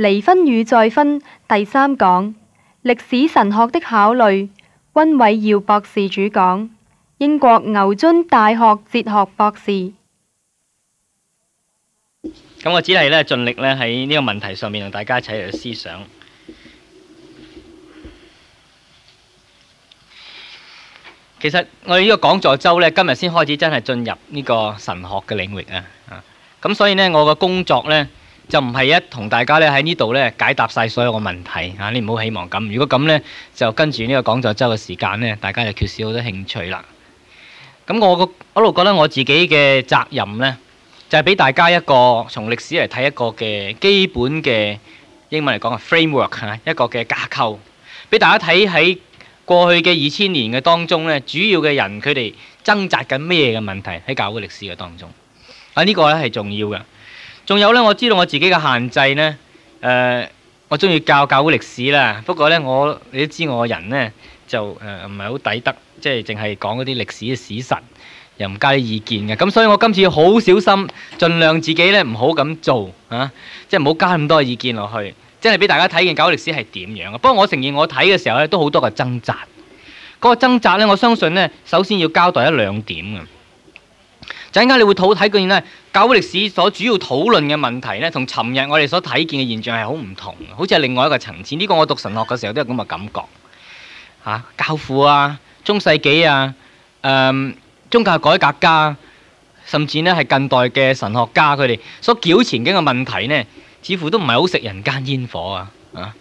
離婚與再婚第三講：歷史神學的考慮。溫偉耀博士主講，英國牛津大學哲學博士。咁我只係咧盡力咧喺呢個問題上面同大家一齊嚟思想。其實我哋呢個講座周呢，今日先開始真係進入呢個神學嘅領域啊！啊，咁所以呢，我嘅工作呢。就唔係一同大家咧喺呢度咧解答晒所有嘅問題啊！你唔好希望咁。如果咁呢，就跟住呢個講座周嘅時間呢，大家就缺少好多興趣啦。咁我一路覺得我自己嘅責任呢，就係、是、俾大家一個從歷史嚟睇一個嘅基本嘅英文嚟講係 framework，一個嘅架構，俾大家睇喺過去嘅二千年嘅當中呢，主要嘅人佢哋掙扎緊咩嘅問題喺教會歷史嘅當中啊？呢、這個呢係重要嘅。仲有呢，我知道我自己嘅限制呢。誒、呃，我中意教教會歷史啦。不過呢，我你都知我人呢，就誒唔係好抵得，即係淨係講嗰啲歷史嘅史實，又唔加啲意見嘅。咁所以我今次要好小心，儘量自己呢唔好咁做嚇、啊，即係唔好加咁多意見落去，即係俾大家睇見教會歷史係點樣。不過我承認我睇嘅時候呢，都好多嘅掙扎。嗰個掙扎呢，我相信呢，首先要交代一兩點嘅。陣間你會睇見呢，教會歷史所主要討論嘅問題呢，同尋日我哋所睇見嘅現象係好唔同嘅，好似係另外一個層次。呢個我讀神學嘅時候都有咁嘅感覺。嚇、啊，教父啊，中世紀啊，誒、嗯，宗教改革家，甚至呢係近代嘅神學家佢哋所糾纏嘅問題呢，似乎都唔係好食人間煙火啊！啊，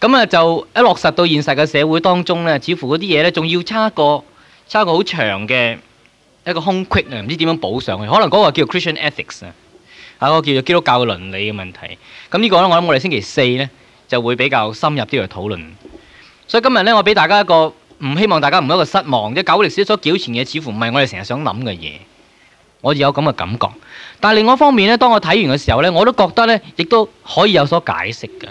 咁啊就一落實到現實嘅社會當中呢，似乎嗰啲嘢呢，仲要差一個，差一個好長嘅。一個空隙，啊，唔知點樣補上去，可能嗰個叫做 Christian Ethics 啊，啊個叫做基督教嘅倫理嘅問題。咁呢個咧，我諗我哋星期四咧就會比較深入啲去討論。所以今日咧，我俾大家一個唔希望大家唔一個失望，即係教會歷史所糾纏嘅似乎唔係我哋成日想諗嘅嘢，我有咁嘅感覺。但係另外一方面咧，當我睇完嘅時候咧，我都覺得咧，亦都可以有所解釋嘅。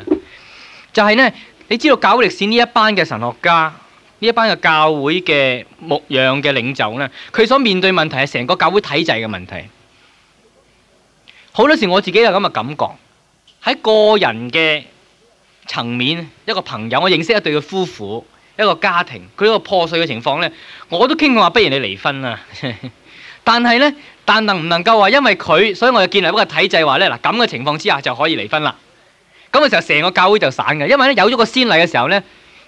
就係呢，你知道教會歷史呢一班嘅神學家。呢一班嘅教會嘅牧養嘅領袖呢，佢所面對問題係成個教會體制嘅問題。好多時我自己有咁嘅感覺，喺個人嘅層面，一個朋友我認識一對嘅夫婦，一個家庭佢呢個破碎嘅情況呢，我都傾過話，「不如你離婚啊！」呵呵，但係呢，但能唔能夠話因為佢，所以我就建立一個體制話呢，嗱，咁嘅情況之下就可以離婚啦。咁嘅時候，成個教會就散嘅，因為呢，有咗個先例嘅時候呢。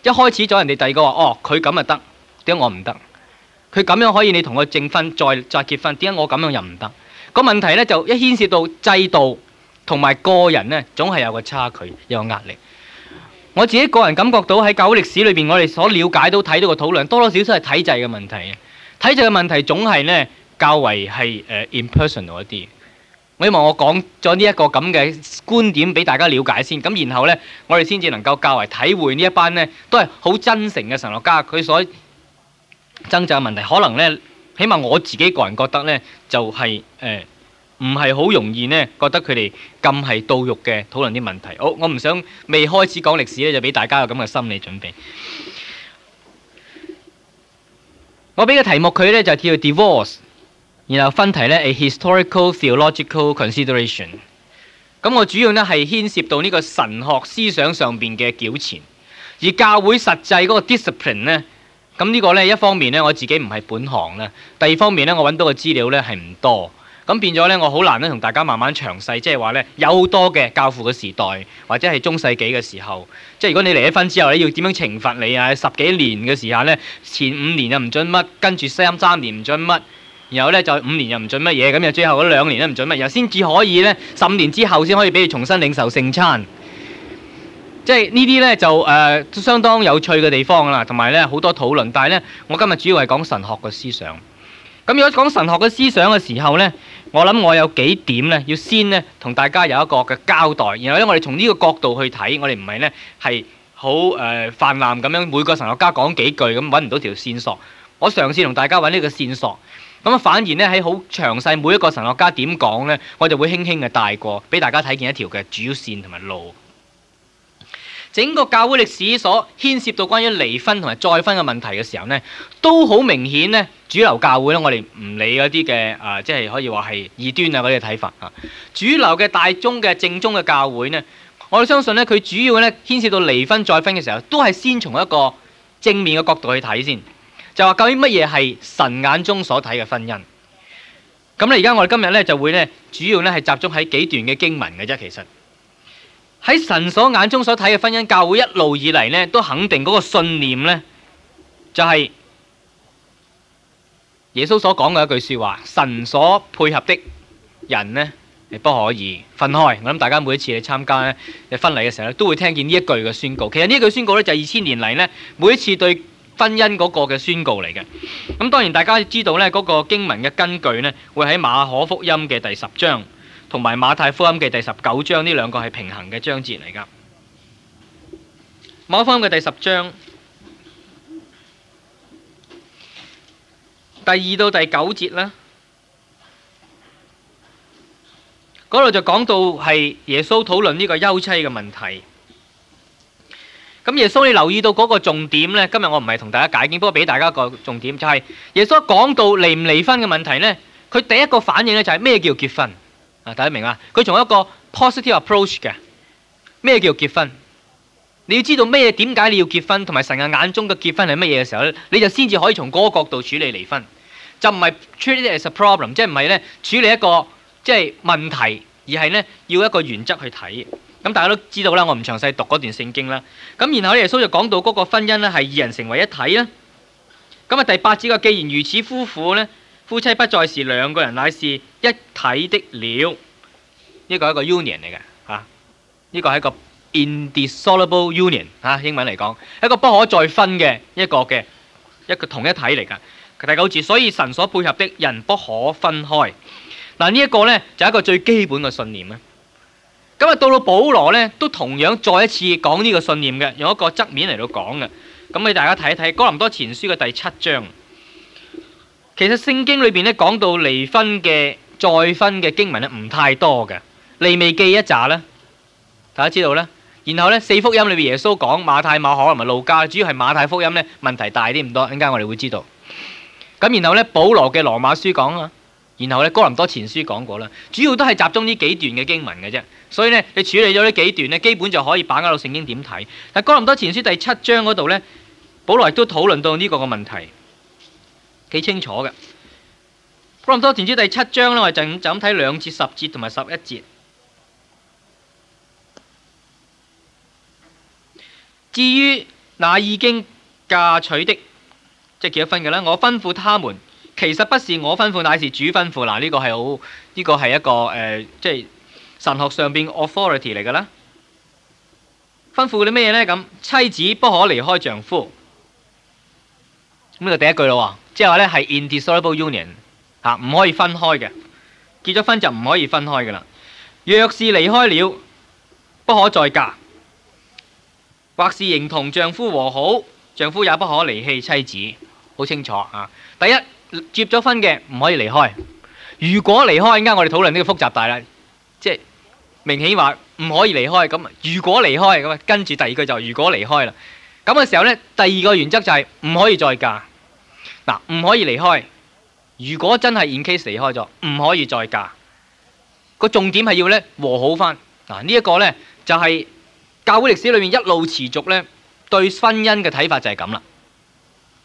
一開始咗人哋第二個話，哦，佢咁又得，點解我唔得？佢咁樣可以你，你同佢證婚再再結婚，點解我咁樣又唔得？個問題呢，就一牽涉到制度同埋個人呢，總係有個差距，有個壓力。我自己個人感覺到喺教會歷史裏邊，我哋所了解到睇到嘅討論多多少少係體制嘅問題，體制嘅問題總係呢，較為係誒、uh, impersonal 一啲。我希望我講咗呢一個咁嘅觀點俾大家了解先，咁然後呢，我哋先至能夠較為體會呢一班呢都係好真誠嘅神學家佢所掙扎嘅問題。可能呢，起碼我自己個人覺得呢，就係、是、誒，唔係好容易呢覺得佢哋咁係道欲嘅討論啲問題。好，我唔想未開始講歷史呢，就俾大家有咁嘅心理準備。我俾嘅題目佢呢就叫、是、divorce。然後分題呢係 a historical theological consideration，咁我主要呢係牽涉到呢個神學思想上邊嘅糾纏，而教會實際嗰個 discipline 呢，咁呢個呢一方面呢我自己唔係本行啦，第二方面呢我揾到嘅資料呢係唔多，咁變咗呢我好難呢同大家慢慢詳細，即係話呢有好多嘅教父嘅時代或者係中世紀嘅時候，即係如果你離咗婚之後呢，要點樣懲罰你啊？十幾年嘅時候呢，前五年就唔准乜，跟住三三年唔准乜。然後咧就五年又唔準乜嘢，咁又最後嗰兩年咧唔準乜嘢。然後先至可以咧十年之後先可以俾你重新領受聖餐，就是。即係呢啲咧就誒、呃、都相當有趣嘅地方啦，同埋咧好多討論。但係咧我今日主要係講神學嘅思想。咁如果講神學嘅思想嘅時候咧，我諗我有幾點咧要先咧同大家有一個嘅交代，然後咧我哋從呢個角度去睇，我哋唔係咧係好誒泛濫咁樣每個神學家講幾句咁揾唔到條線索。我嘗試同大家揾呢個線索。咁啊，反而呢喺好詳細每一個神學家點講呢，我就會輕輕嘅帶過，俾大家睇見一條嘅主線同埋路。整個教會歷史所牽涉到關於離婚同埋再婚嘅問題嘅時候呢，都好明顯呢主流教會呢，我哋唔理嗰啲嘅啊，即係可以話係異端啊嗰啲睇法啊，主流嘅大宗嘅正宗嘅教會呢，我相信呢，佢主要呢牽涉到離婚再婚嘅時候，都係先從一個正面嘅角度去睇先。就話究竟乜嘢係神眼中所睇嘅婚姻？咁咧，而家我哋今日咧就會咧，主要咧係集中喺幾段嘅經文嘅啫。其實喺神所眼中所睇嘅婚姻，教會一路以嚟呢都肯定嗰個信念呢，就係耶穌所講嘅一句說話：神所配合的人呢，係不可以分開。我諗大家每一次去參加咧嘅婚禮嘅時候都會聽見呢一句嘅宣告。其實呢一句宣告咧，就係二千年嚟呢，每一次對。婚姻嗰個嘅宣告嚟嘅，咁當然大家知道呢，嗰個經文嘅根據呢，會喺馬可福音嘅第十章，同埋馬太福音嘅第十九章呢兩個係平衡嘅章節嚟㗎。馬可福音嘅第十章，第二到第九節啦，嗰度就講到係耶穌討論呢個休妻嘅問題。咁耶穌，你留意到嗰個重點咧？今日我唔係同大家解經，不過俾大家一個重點，就係、是、耶穌講到離唔離婚嘅問題咧，佢第一個反應咧就係咩叫結婚啊？大家明啦，佢從一個 positive approach 嘅咩叫結婚？你要知道咩點解你要結婚，同埋神嘅眼中嘅結婚係乜嘢嘅時候咧，你就先至可以從嗰個角度處理離婚，就唔係 treat it as a problem，即係唔係咧處理一個即係、就是、問題，而係咧要一個原則去睇。咁大家都知道啦，我唔詳細讀嗰段聖經啦。咁然後咧，耶穌就講到嗰個婚姻呢，係二人成為一體啦。咁啊，第八節嘅既然如此，夫婦呢，夫妻不再是兩個人，乃是一體的了。呢個係一個 union 嚟嘅，嚇、啊。呢個係一個 indissoluble union，嚇、啊、英文嚟講，一個不可再分嘅一個嘅一個同一體嚟嘅。佢第九節，所以神所配合的人不可分開。嗱呢一個呢，就係一個最基本嘅信念啦。咁啊，到到保羅咧，都同樣再一次講呢個信念嘅，用一個側面嚟到講嘅。咁你大家睇一睇哥林多前書嘅第七章。其實聖經裏邊咧講到離婚嘅再婚嘅經文咧唔太多嘅，利未記一咋啦，大家知道啦。然後咧四福音裏邊耶穌講馬太、馬可同埋路加，主要係馬太福音咧問題大啲唔多，一陣間我哋會知道。咁然後咧保羅嘅羅馬書講啊。然後咧，哥林多前書講過啦，主要都係集中呢幾段嘅經文嘅啫。所以呢，你處理咗呢幾段呢，基本就可以把握到聖經點睇。但哥林多前書第七章嗰度呢，保羅亦都討論到呢個嘅問題，幾清楚㗎。哥林多前書第七章呢，我就咁睇兩節十節同埋十一節。至於那已經嫁娶的，即係結咗婚嘅咧，我吩咐他們。其實不是我吩咐，乃是主吩咐。嗱、這個，呢、這個係好，呢個係一個誒、呃，即係神學上邊 authority 嚟嘅啦。吩咐啲咩嘢呢？咁妻子不可離開丈夫。咁就第一句啦喎，即係話呢係 indissoluble union 嚇，唔可以分開嘅。結咗婚就唔可以分開㗎啦。若是離開了，不可再嫁；或是認同丈夫和好，丈夫也不可離棄妻，妻子。好清楚啊！第一。接咗婚嘅唔可以離開，如果離開，依家我哋討論呢個複雜大啦，即係明顯話唔可以離開咁。如果離開咁，跟住第二句就如果離開啦。咁嘅時候呢，第二個原則就係唔可以再嫁。嗱，唔可以離開。如果真係 in case 離開咗，唔可以再嫁。個重點係要呢和好返。嗱，呢一個呢，就係教會歷史裏面一路持續呢對婚姻嘅睇法就係咁啦。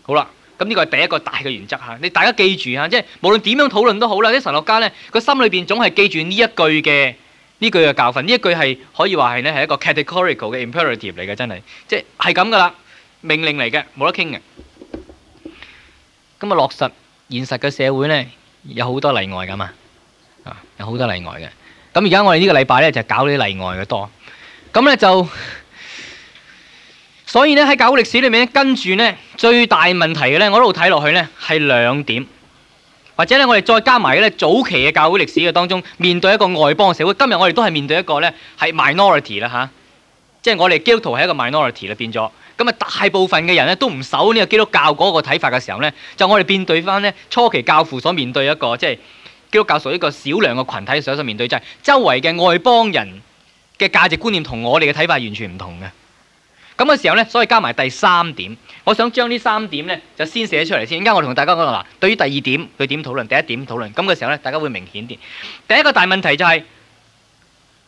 好啦。咁呢個係第一個大嘅原則嚇，你大家記住嚇，即係無論點樣討論都好啦，啲神學家呢，佢心裏邊總係記住呢一句嘅，呢句嘅教訓，呢一句係可以話係呢係一個 categorical 嘅 imperative 嚟嘅。真係，即係係咁噶啦，命令嚟嘅，冇得傾嘅。咁啊，落實現實嘅社會呢，有好多例外噶嘛，啊，有好多例外嘅。咁而家我哋呢個禮拜呢就搞啲例外嘅多，咁呢就。所以咧喺教會歷史裏面咧，跟住咧最大問題嘅咧，我一路睇落去咧係兩點，或者咧我哋再加埋咧早期嘅教會歷史嘅當中，面對一個外邦社會。今日我哋都係面對一個咧係 minority 啦吓，即係我哋基督徒係一個 minority 啦，變咗咁啊！大部分嘅人咧都唔守呢個基督教嗰個睇法嘅時候咧，就我哋面對翻咧初期教父所面對一個即係基督教屬於一個少量嘅群體所所面對，即係周圍嘅外邦人嘅價值觀念同我哋嘅睇法完全唔同嘅。咁嘅時候呢，所以加埋第三點，我想將呢三點呢，就先寫出嚟先。啱我同大家講啦，對於第二點佢點討論，第一點討論。咁嘅時候呢，大家會明顯啲。第一個大問題就係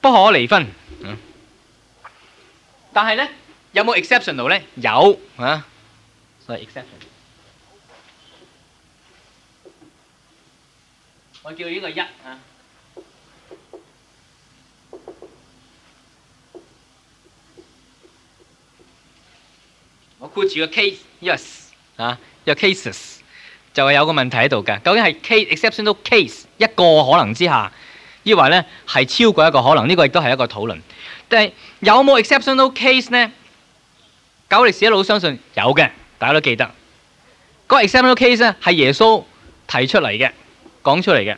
不可離婚，嗯、但係呢，有冇 exceptional 呢？有啊，所以 exception 我叫呢個一啊。我括住個 case，yes 啊，your cases 就係有一個問題喺度嘅。究竟係 case exceptional case 一個可能之下，抑或呢係超過一個可能？呢、呢個亦都係一個討論。但係有冇 exceptional case 呢？九歷史一路相信有嘅，大家都記得、嗰個 exceptional case 呢，係耶穌提出嚟嘅，講出嚟嘅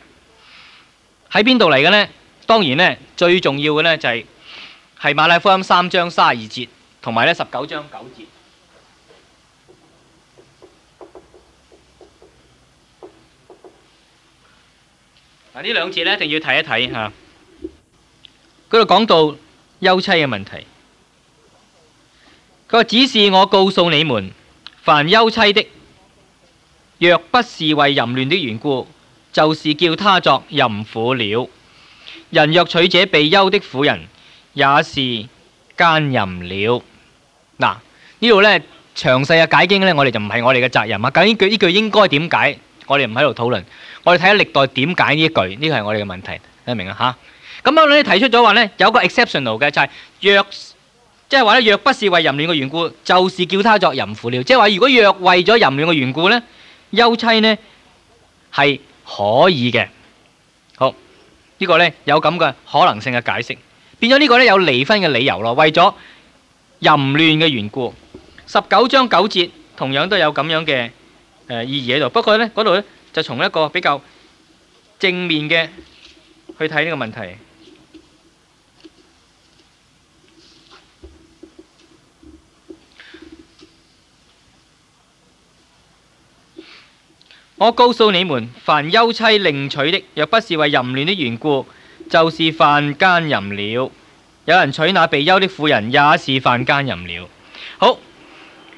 喺邊度嚟嘅呢？當然呢，最重要嘅呢就係、係、係馬太福音三章卅二節同埋呢十九章九節。嗱，呢兩節咧一定要睇一睇嚇。嗰度講到休妻嘅問題。佢話只是我告訴你們：凡休妻的，若不是為淫亂的緣故，就是叫他作淫婦了。人若娶這被休的婦人，也是奸淫了。嗱，這呢度咧詳細嘅解經咧，我哋就唔係我哋嘅責任啊。究竟呢句呢句應該點解？我哋唔喺度討論，我哋睇下歷代點解呢一句？呢個係我哋嘅問題，睇明啦嚇。咁啊，我哋提出咗話咧，有個 exceptional 嘅，就係若即係話咧，若不是為淫亂嘅緣故，就是叫他作淫婦了。即係話，如果若為咗淫亂嘅緣故咧，休妻咧係可以嘅。好，呢個咧有咁嘅可能性嘅解釋，變咗呢個咧有離婚嘅理由咯。為咗淫亂嘅緣故，十九章九節同樣都有咁樣嘅。誒意義喺度，不過呢，嗰度呢就從一個比較正面嘅去睇呢個問題。我告訴你們，凡休妻另娶的，若不是為淫亂的緣故，就是犯奸淫了。有人娶那被休的婦人，也是犯奸淫了。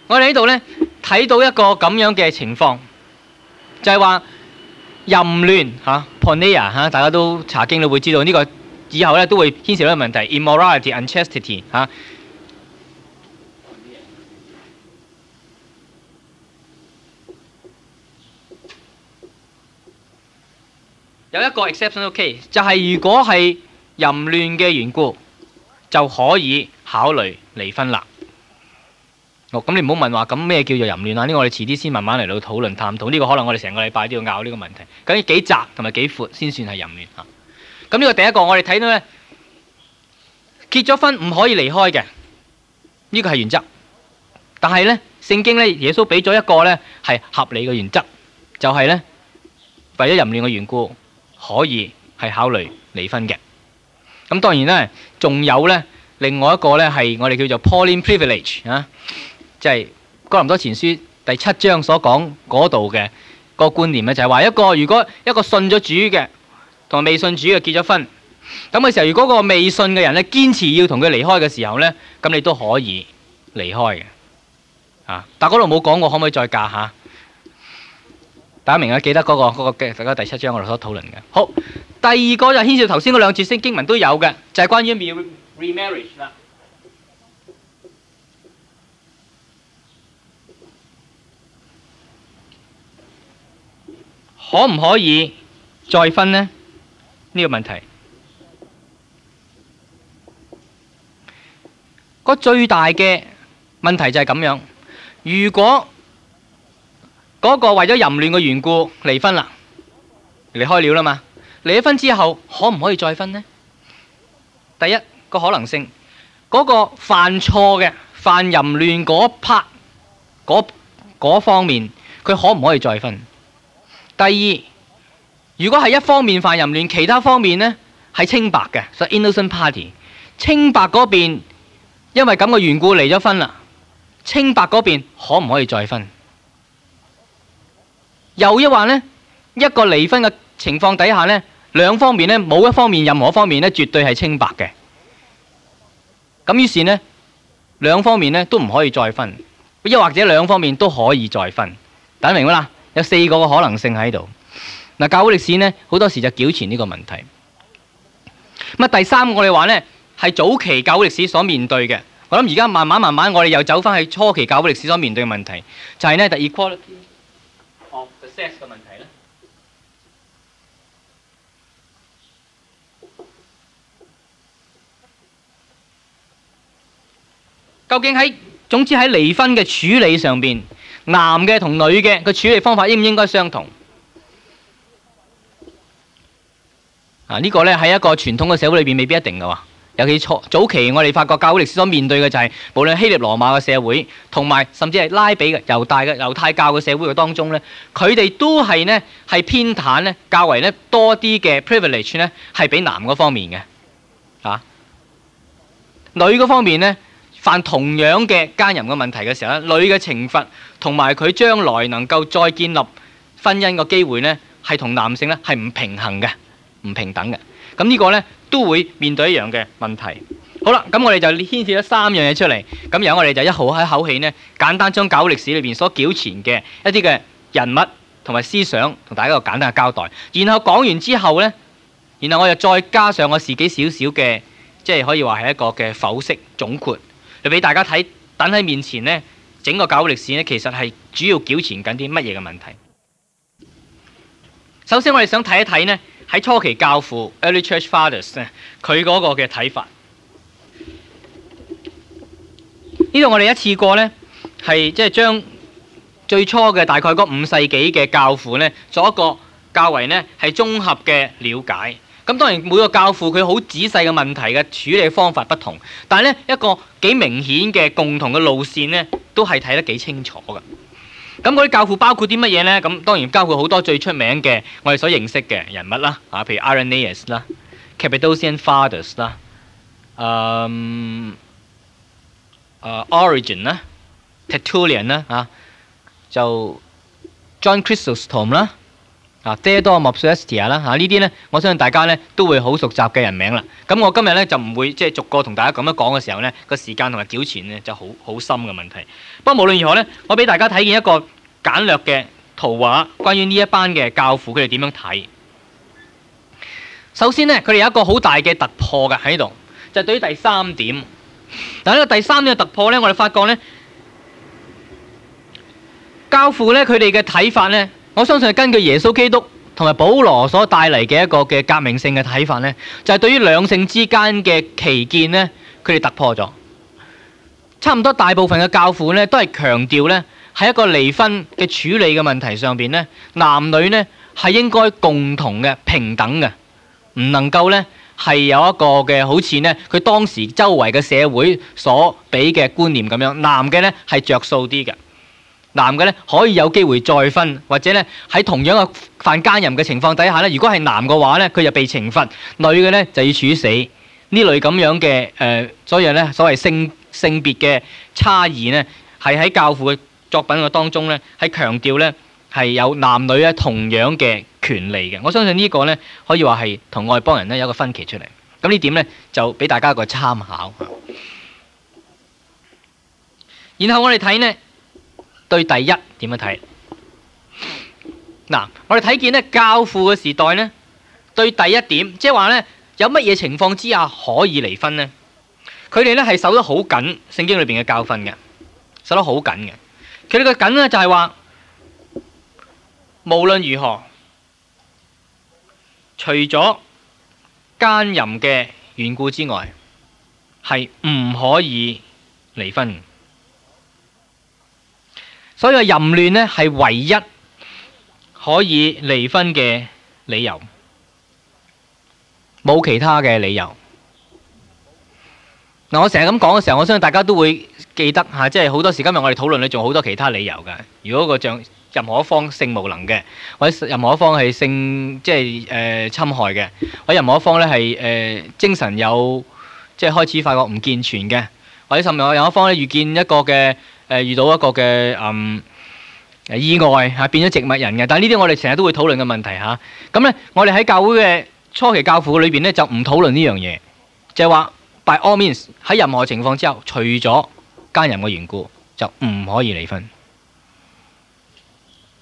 我哋呢度呢，睇到一個咁樣嘅情況，就係、是、話淫亂嚇、啊、porneia、啊、大家都查經都會知道呢、呢個以後呢都會牽涉到一個問題 immorality、啊、unchastity 有一個 exceptional case，就係如果係淫亂嘅緣故就可以考慮離婚啦。哦，咁你唔好問話，咁咩叫做淫亂啊？呢個我哋遲啲先慢慢嚟到討論探討。呢個可能我哋成個禮拜都要拗呢個問題。究竟幾窄同埋幾闊先算係淫亂吓？咁呢個第一個我哋睇到咧，結咗婚唔可以離開嘅，呢個係原則。但係咧，聖經咧，耶穌俾咗一個咧係合理嘅原則，就係咧，為咗淫亂嘅緣故，可以係考慮離婚嘅。咁當然咧，仲有咧，另外一個咧係我哋叫做 Pauline Privilege 啊。即係《哥林多前書》第七章所講嗰度嘅個觀念咧，就係話一個如果一個信咗主嘅同未信主嘅結咗婚，咁嘅時候，如果個未信嘅人咧堅持要同佢離開嘅時候咧，咁你都可以離開嘅。啊，但嗰度冇講過可唔可以再嫁下？大家明啊？記得嗰、個嗰、個嘅第七章我哋所討論嘅。好，第二個就是牽涉頭先嗰兩節聖經文都有嘅，就係、是、關於 re-marriage 啦。可唔可以再婚呢？呢、這個問題，個最大嘅問題就係咁樣。如果嗰個為咗淫亂嘅緣故離婚啦，離開了啦嘛，離咗婚之後可唔可以再婚呢？第一個可能性，嗰、那個犯錯嘅、犯淫亂嗰 part、嗰方面，佢可唔可以再婚？第二，如果係一方面犯淫亂，其他方面呢係清白嘅，所以 innocent party 清白嗰邊因為咁嘅緣故離咗婚啦。清白嗰邊可唔可以再婚？又一話呢，一個離婚嘅情況底下呢，兩方面呢，冇一方面任何方面呢，絕對係清白嘅。咁於是呢，兩方面呢都唔可以再婚，又或者兩方面都可以再婚，大家明啦？有四個嘅可能性喺度。嗱，教會歷史咧，好多時就糾纏呢個問題。咁啊，第三我哋話咧係早期教會歷史所面對嘅。我諗而家慢慢慢慢，我哋又走翻去初期教會歷史所面對嘅問題，就係咧，the equality of the sexes 嘅問題咧。究竟喺總之喺離婚嘅處理上面，男嘅同女嘅個處理方法應唔應該相同？啊，呢、這個呢，喺一個傳統嘅社會裏邊未必一定嘅喎。尤其初早期，我哋發覺教會歷史所面對嘅就係、是、無論希臘羅馬嘅社會，同埋甚至係拉比嘅猶大嘅猶太教嘅社會嘅當中呢，佢哋都係呢，係偏袒咧較為咧多啲嘅 privilege 呢係俾男嗰方面嘅，啊，女嗰方面呢，犯同樣嘅奸淫嘅問題嘅時候呢女嘅懲罰。同埋佢將來能夠再建立婚姻個機會咧，係同男性咧係唔平衡嘅、唔平等嘅。咁呢個咧都會面對一樣嘅問題。好啦，咁我哋就牽涉咗三樣嘢出嚟。咁然後我哋就一口喺口氣咧，簡單將九歷史裏邊所糾纏嘅一啲嘅人物同埋思想，同大家一個簡單嘅交代。然後講完之後咧，然後我又再加上我自己少少嘅，即係可以話係一個嘅剖析總括，嚟俾大家睇，等喺面前咧。整個教會歷史咧，其實係主要糾纏緊啲乜嘢嘅問題？首先我們看看，我哋想睇一睇呢，喺初期教父 （early church fathers） 佢嗰個嘅睇法。呢度我哋一次過呢，係即係將最初嘅大概嗰五世紀嘅教父呢，作一個較為呢係綜合嘅了解。咁當然每個教父佢好仔細嘅問題嘅處理方法不同，但係咧一個幾明顯嘅共同嘅路線咧，都係睇得幾清楚嘅。咁嗰啲教父包括啲乜嘢咧？咁當然包括好多最出名嘅我哋所認識嘅人物啦，嚇、啊，譬如 Irenaeus 啦、啊，Cappadocian Fathers 啦，誒誒 Origin 啦，Tertullian 啦，啊，Origin，啊就 John Chrysostom 啦、啊。啊，J. 多默斯蒂啦，吓，呢啲呢，我相信大家呢都會好熟習嘅人名啦。咁我今日呢，就唔會即係、就是、逐個同大家咁樣講嘅時候，呢個時間同埋繳錢呢就好好深嘅問題。不過無論如何呢，我俾大家睇見一個簡略嘅圖畫，關於呢一班嘅教父佢哋點樣睇。首先呢，佢哋有一個好大嘅突破嘅喺度，就係、對於第三點。但係呢個第三點嘅突破呢，我哋發覺呢，教父呢，佢哋嘅睇法呢。我相信根據耶穌基督同埋保羅所帶嚟嘅一個嘅革命性嘅睇法呢就係對於兩性之間嘅歧見呢，佢哋突破咗。差唔多大部分嘅教父呢，都係強調呢，喺一個離婚嘅處理嘅問題上邊呢，男女呢係應該共同嘅平等嘅，唔能夠呢係有一個嘅好似呢佢當時周圍嘅社會所俾嘅觀念咁樣，男嘅呢係着數啲嘅。男嘅咧可以有機會再婚，或者咧喺同樣嘅犯奸淫嘅情況底下咧，如果係男嘅話咧，佢就被懲罰；女嘅咧就要處死。呢類咁樣嘅誒，所以咧所謂性性別嘅差異咧，係喺教父嘅作品嘅當中咧，係強調咧係有男女咧同樣嘅權利嘅。我相信呢個咧可以話係同外邦人咧有一個分歧出嚟。咁呢點咧就俾大家一個參考。然後我哋睇咧。對第一，點樣睇？嗱，我哋睇見呢，教父嘅時代呢，對第一點，即係話呢，有乜嘢情況之下可以離婚呢？佢哋呢係守得好緊，聖經裏邊嘅教訓嘅，守得好緊嘅。佢哋嘅緊呢，就係話，無論如何，除咗奸淫嘅緣故之外，係唔可以離婚。所以淫亂呢係唯一可以離婚嘅理由，冇其他嘅理由。嗱，我成日咁講嘅時候，我相信大家都會記得吓，即係好多時今日我哋討論呢，仲好多其他理由㗎。如果個像任何一方性無能嘅，或者任何一方係性即係誒侵害嘅，或者任何一方呢係誒精神有即係、就是、開始發覺唔健全嘅，或者甚至任何一方呢，遇見一個嘅。誒遇到一個嘅誒、嗯、意外嚇變咗植物人嘅，但係呢啲我哋成日都會討論嘅問題嚇。咁、啊、咧，我哋喺教會嘅初期教父裏邊咧就唔討論呢樣嘢，就係、是、話 by all means 喺任何情況之後，除咗奸淫嘅緣故就唔可以離婚。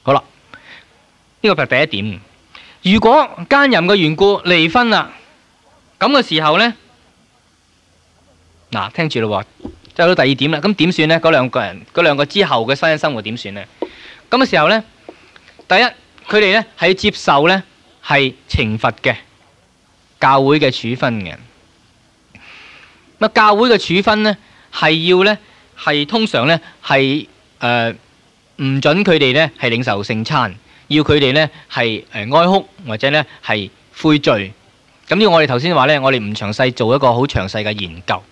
好啦，呢個係第一點。如果奸淫嘅緣故離婚啦，咁嘅時候咧，嗱聽住啦喎。即係到第二點啦，咁點算呢？嗰兩個人，嗰兩個之後嘅婚姻生活點算呢？咁嘅時候呢，第一，佢哋呢係接受呢係懲罰嘅教會嘅處分嘅。咁啊，教會嘅處分呢係要呢係通常呢係誒唔准佢哋呢係領受聖餐，要佢哋呢係誒哀哭或者呢係悔罪。咁要我哋頭先話呢，我哋唔詳細做一個好詳細嘅研究。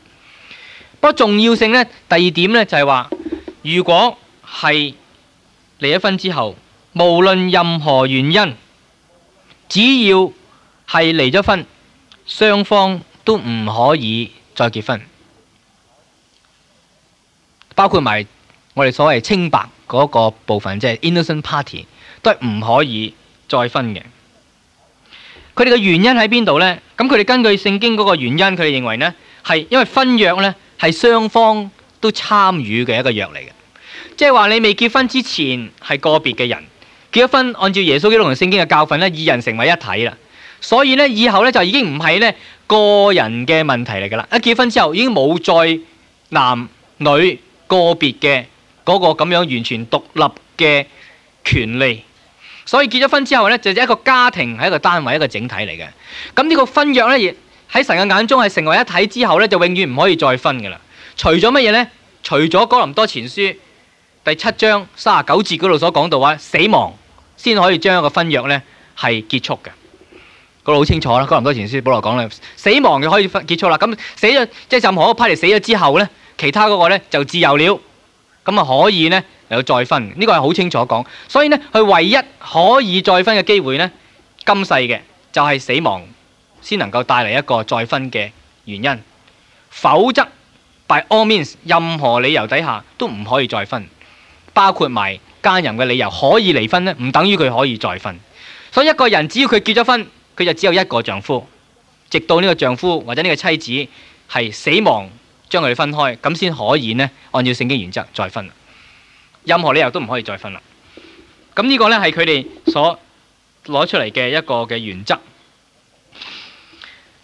不重要性咧，第二點咧就係話，如果係離咗婚之後，無論任何原因，只要係離咗婚，雙方都唔可以再結婚，包括埋我哋所謂清白嗰個部分，即係 innocent party，都係唔可以再婚嘅。佢哋嘅原因喺邊度呢？咁佢哋根據聖經嗰個原因，佢哋認為呢係因為婚約呢。係雙方都參與嘅一個約嚟嘅，即係話你未結婚之前係個別嘅人，結咗婚按照耶穌基督同聖經嘅教訓咧，二人成為一體啦，所以咧以後咧就已經唔係咧個人嘅問題嚟噶啦，一結婚之後已經冇再男女個別嘅嗰個咁樣完全獨立嘅權利，所以結咗婚之後咧就一個家庭係一個單位、一個整體嚟嘅，咁呢個婚約咧亦。喺神嘅眼中係成為一體之後咧，就永遠唔可以再分嘅啦。除咗乜嘢咧？除咗哥林多前書第七章三十九節嗰度所講到話，死亡先可以將一個婚約咧係結束嘅。嗰度好清楚啦。哥林多前書保羅講啦，死亡就可以分結束啦。咁死咗，即係任何一 party 死咗之後咧，其他嗰個咧就自由了。咁啊可以咧有再婚。呢、這個係好清楚講。所以咧，佢唯一可以再婚嘅機會咧，今世嘅就係死亡。先能夠帶嚟一個再婚嘅原因，否則 by all means 任何理由底下都唔可以再婚，包括埋奸淫嘅理由可以離婚咧，唔等於佢可以再婚。所以一個人只要佢結咗婚，佢就只有一個丈夫，直到呢個丈夫或者呢個妻子係死亡將佢哋分開，咁先可以呢按照聖經原則再婚。任何理由都唔可以再婚啦。咁呢個呢係佢哋所攞出嚟嘅一個嘅原則。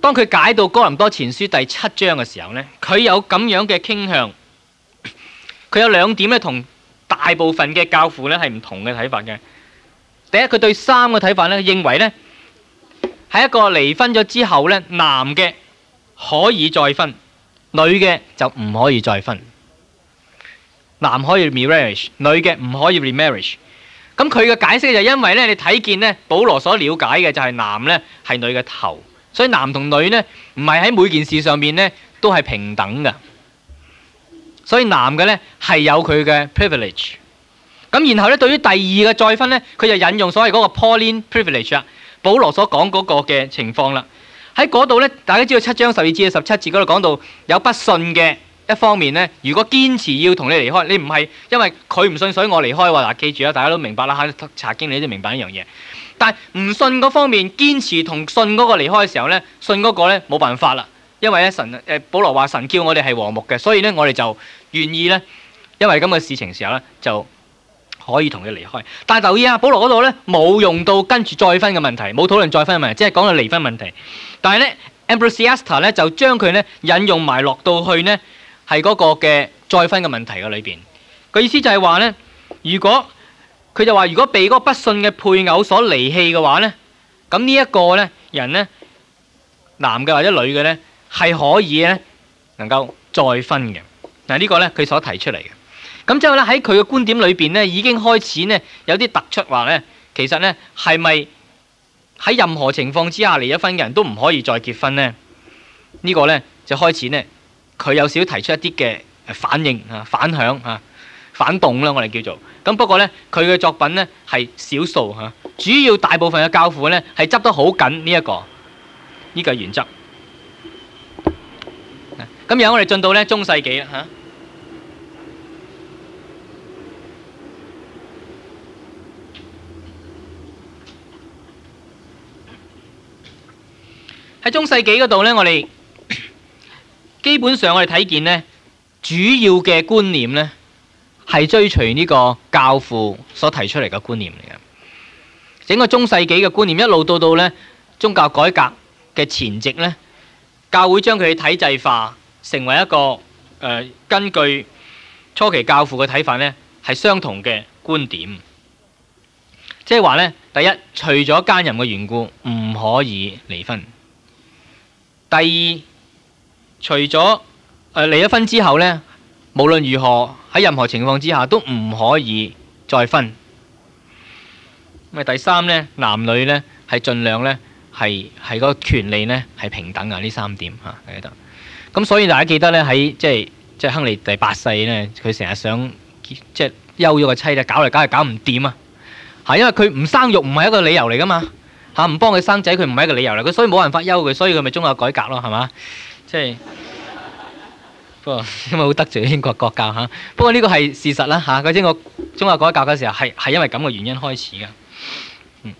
當佢解到哥林多前書第七章嘅時候呢，佢有咁樣嘅傾向，佢有兩點咧，同大部分嘅教父呢係唔同嘅睇法嘅。第一，佢對三個睇法咧，認為呢係一個離婚咗之後呢，男嘅可以再婚，女嘅就唔可以再婚。男可以 re-marriage，女嘅唔可以 re-marriage。咁佢嘅解釋就因為呢，你睇見呢，保羅所了解嘅就係男呢係女嘅頭。所以男同女呢，唔係喺每件事上面呢都係平等嘅。所以男嘅呢，係有佢嘅 privilege。咁然後呢，對於第二個再婚呢，佢就引用所謂嗰個 Pauline privilege 啊，保羅所講嗰個嘅情況啦。喺嗰度呢，大家知道七章十二至十七節嗰度講到有不信嘅一方面呢，如果堅持要同你離開，你唔係因為佢唔信所以我離開喎。嗱，記住啦，大家都明白啦，喺查經你都明白一樣嘢。但係唔信嗰方面，堅持同信嗰個離開嘅時候咧，信嗰個咧冇辦法啦，因為咧神誒保羅話神叫我哋係和睦嘅，所以咧我哋就願意咧，因為咁嘅事情時候咧就可以同佢離開。但係留意下保羅嗰度咧冇用到跟住再婚嘅問題，冇討論再婚嘅問題，即係講到離婚問題。但係咧 Ambrosiaster 咧就將佢咧引用埋落到去呢係嗰個嘅再婚嘅問題嘅裏邊，個意思就係話咧如果。佢就話：如果被嗰個不信嘅配偶所離棄嘅話呢，咁呢一個呢人，呢男嘅或者女嘅呢係可以呢能夠再婚嘅。嗱、呢、呢個呢佢所提出嚟嘅。咁之後呢喺佢嘅觀點裏邊呢已經開始呢有啲突出話呢其實，呢係咪喺任何情況之下離咗婚嘅人都唔可以再結婚呢？呢、呢個呢就開始呢，佢有少少提出一啲嘅反應啊、反響啊。反動啦，我哋叫做咁。不過呢，佢嘅作品呢係少數嚇，主要大部分嘅教父呢係執得好緊呢一個呢個原則。咁而家我哋進到呢中世紀啦嚇。喺中世紀嗰度呢，我哋基本上我哋睇見呢，主要嘅觀念呢，係追隨呢個教父所提出嚟嘅觀念嚟嘅，整個中世紀嘅觀念一路到到呢宗教改革嘅前夕呢，教會將佢體制化成為一個根據初期教父嘅睇法呢係相同嘅觀點，即係話呢：第一，除咗奸淫嘅緣故唔可以離婚；第二，除咗誒離咗婚之後呢，無論如何。喺任何情況之下都唔可以再分。咁第三呢，男女呢係盡量呢係係個權利呢係平等嘅，呢三點嚇喺度。咁所以大家記得呢，喺即係即係亨利第八世呢，佢成日想即係休咗個妻咧，搞嚟搞去搞唔掂啊！係因為佢唔生育唔係一個理由嚟㗎嘛嚇，唔幫佢生仔佢唔係一個理由嚟。佢所以冇辦法休佢，所以佢咪宗教改革咯，係嘛？即係。哦、因為好得罪英國國教嚇、啊。不過呢個係事實啦嚇。嗰、啊、英國宗教改革嗰時候係係因為咁嘅原因開始噶。嗯，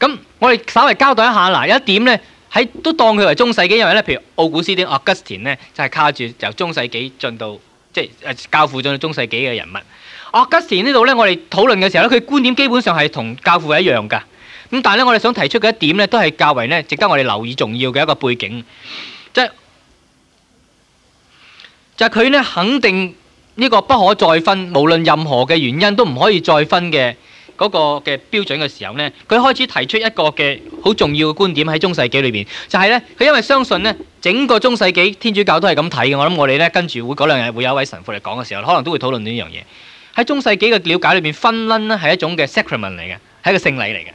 咁我哋稍微交代一下嗱，有一點呢，喺都當佢為中世紀，因為呢，譬如奧古斯丁 （Augustine） 咧，就係、是、卡住由中世紀進到即係、就是、教父進到中世紀嘅人物。Augustine 呢度呢，我哋討論嘅時候呢，佢觀點基本上係同教父係一樣噶。咁但係呢，我哋想提出嘅一點呢，都係較為呢，值得我哋留意重要嘅一個背景，即係。就係、是、佢呢，肯定呢個不可再婚，無論任何嘅原因都唔可以再婚嘅嗰個嘅標準嘅時候呢，佢開始提出一個嘅好重要嘅觀點喺中世紀裏邊，就係、是、呢，佢因為相信呢，整個中世紀天主教都係咁睇嘅，我諗我哋呢，跟住會嗰兩日會有一位神父嚟講嘅時候，可能都會討論呢樣嘢喺中世紀嘅了解裏面，婚姻呢係一種嘅 Sacrament 嚟嘅，係一個聖禮嚟嘅。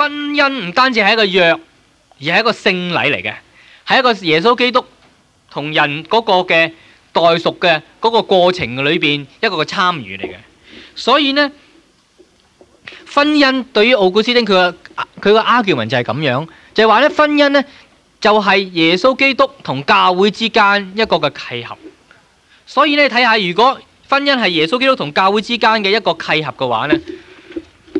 婚姻唔單止係一個約，而係一個聖禮嚟嘅，係一個耶穌基督同人嗰個嘅代贖嘅嗰個過程嘅裏邊一個嘅參與嚟嘅。所以咧，婚姻對於奧古斯丁佢嘅佢嘅 argument 就係咁樣，就係話咧，婚姻咧就係耶穌基督同教會之間一個嘅契合。所以咧，你睇下如果婚姻係耶穌基督同教會之間嘅一個契合嘅話咧，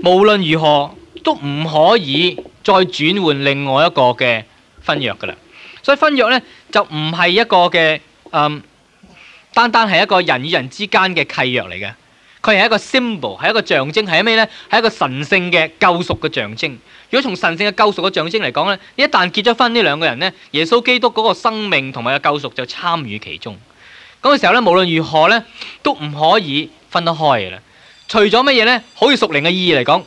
無論如何。都唔可以再轉換另外一個嘅婚約噶啦，所以婚約呢，就唔係一個嘅嗯、呃，單單係一個人與人之間嘅契約嚟嘅，佢係一個 symbol，係一個象徵，係咩呢？係一個神性嘅救贖嘅象徵。如果從神性嘅救贖嘅象徵嚟講呢，一旦結咗婚呢，兩個人呢，耶穌基督嗰個生命同埋個救贖就參與其中。嗰個時候呢，無論如何呢，都唔可以分得開嘅啦。除咗乜嘢呢？好似屬靈嘅意義嚟講。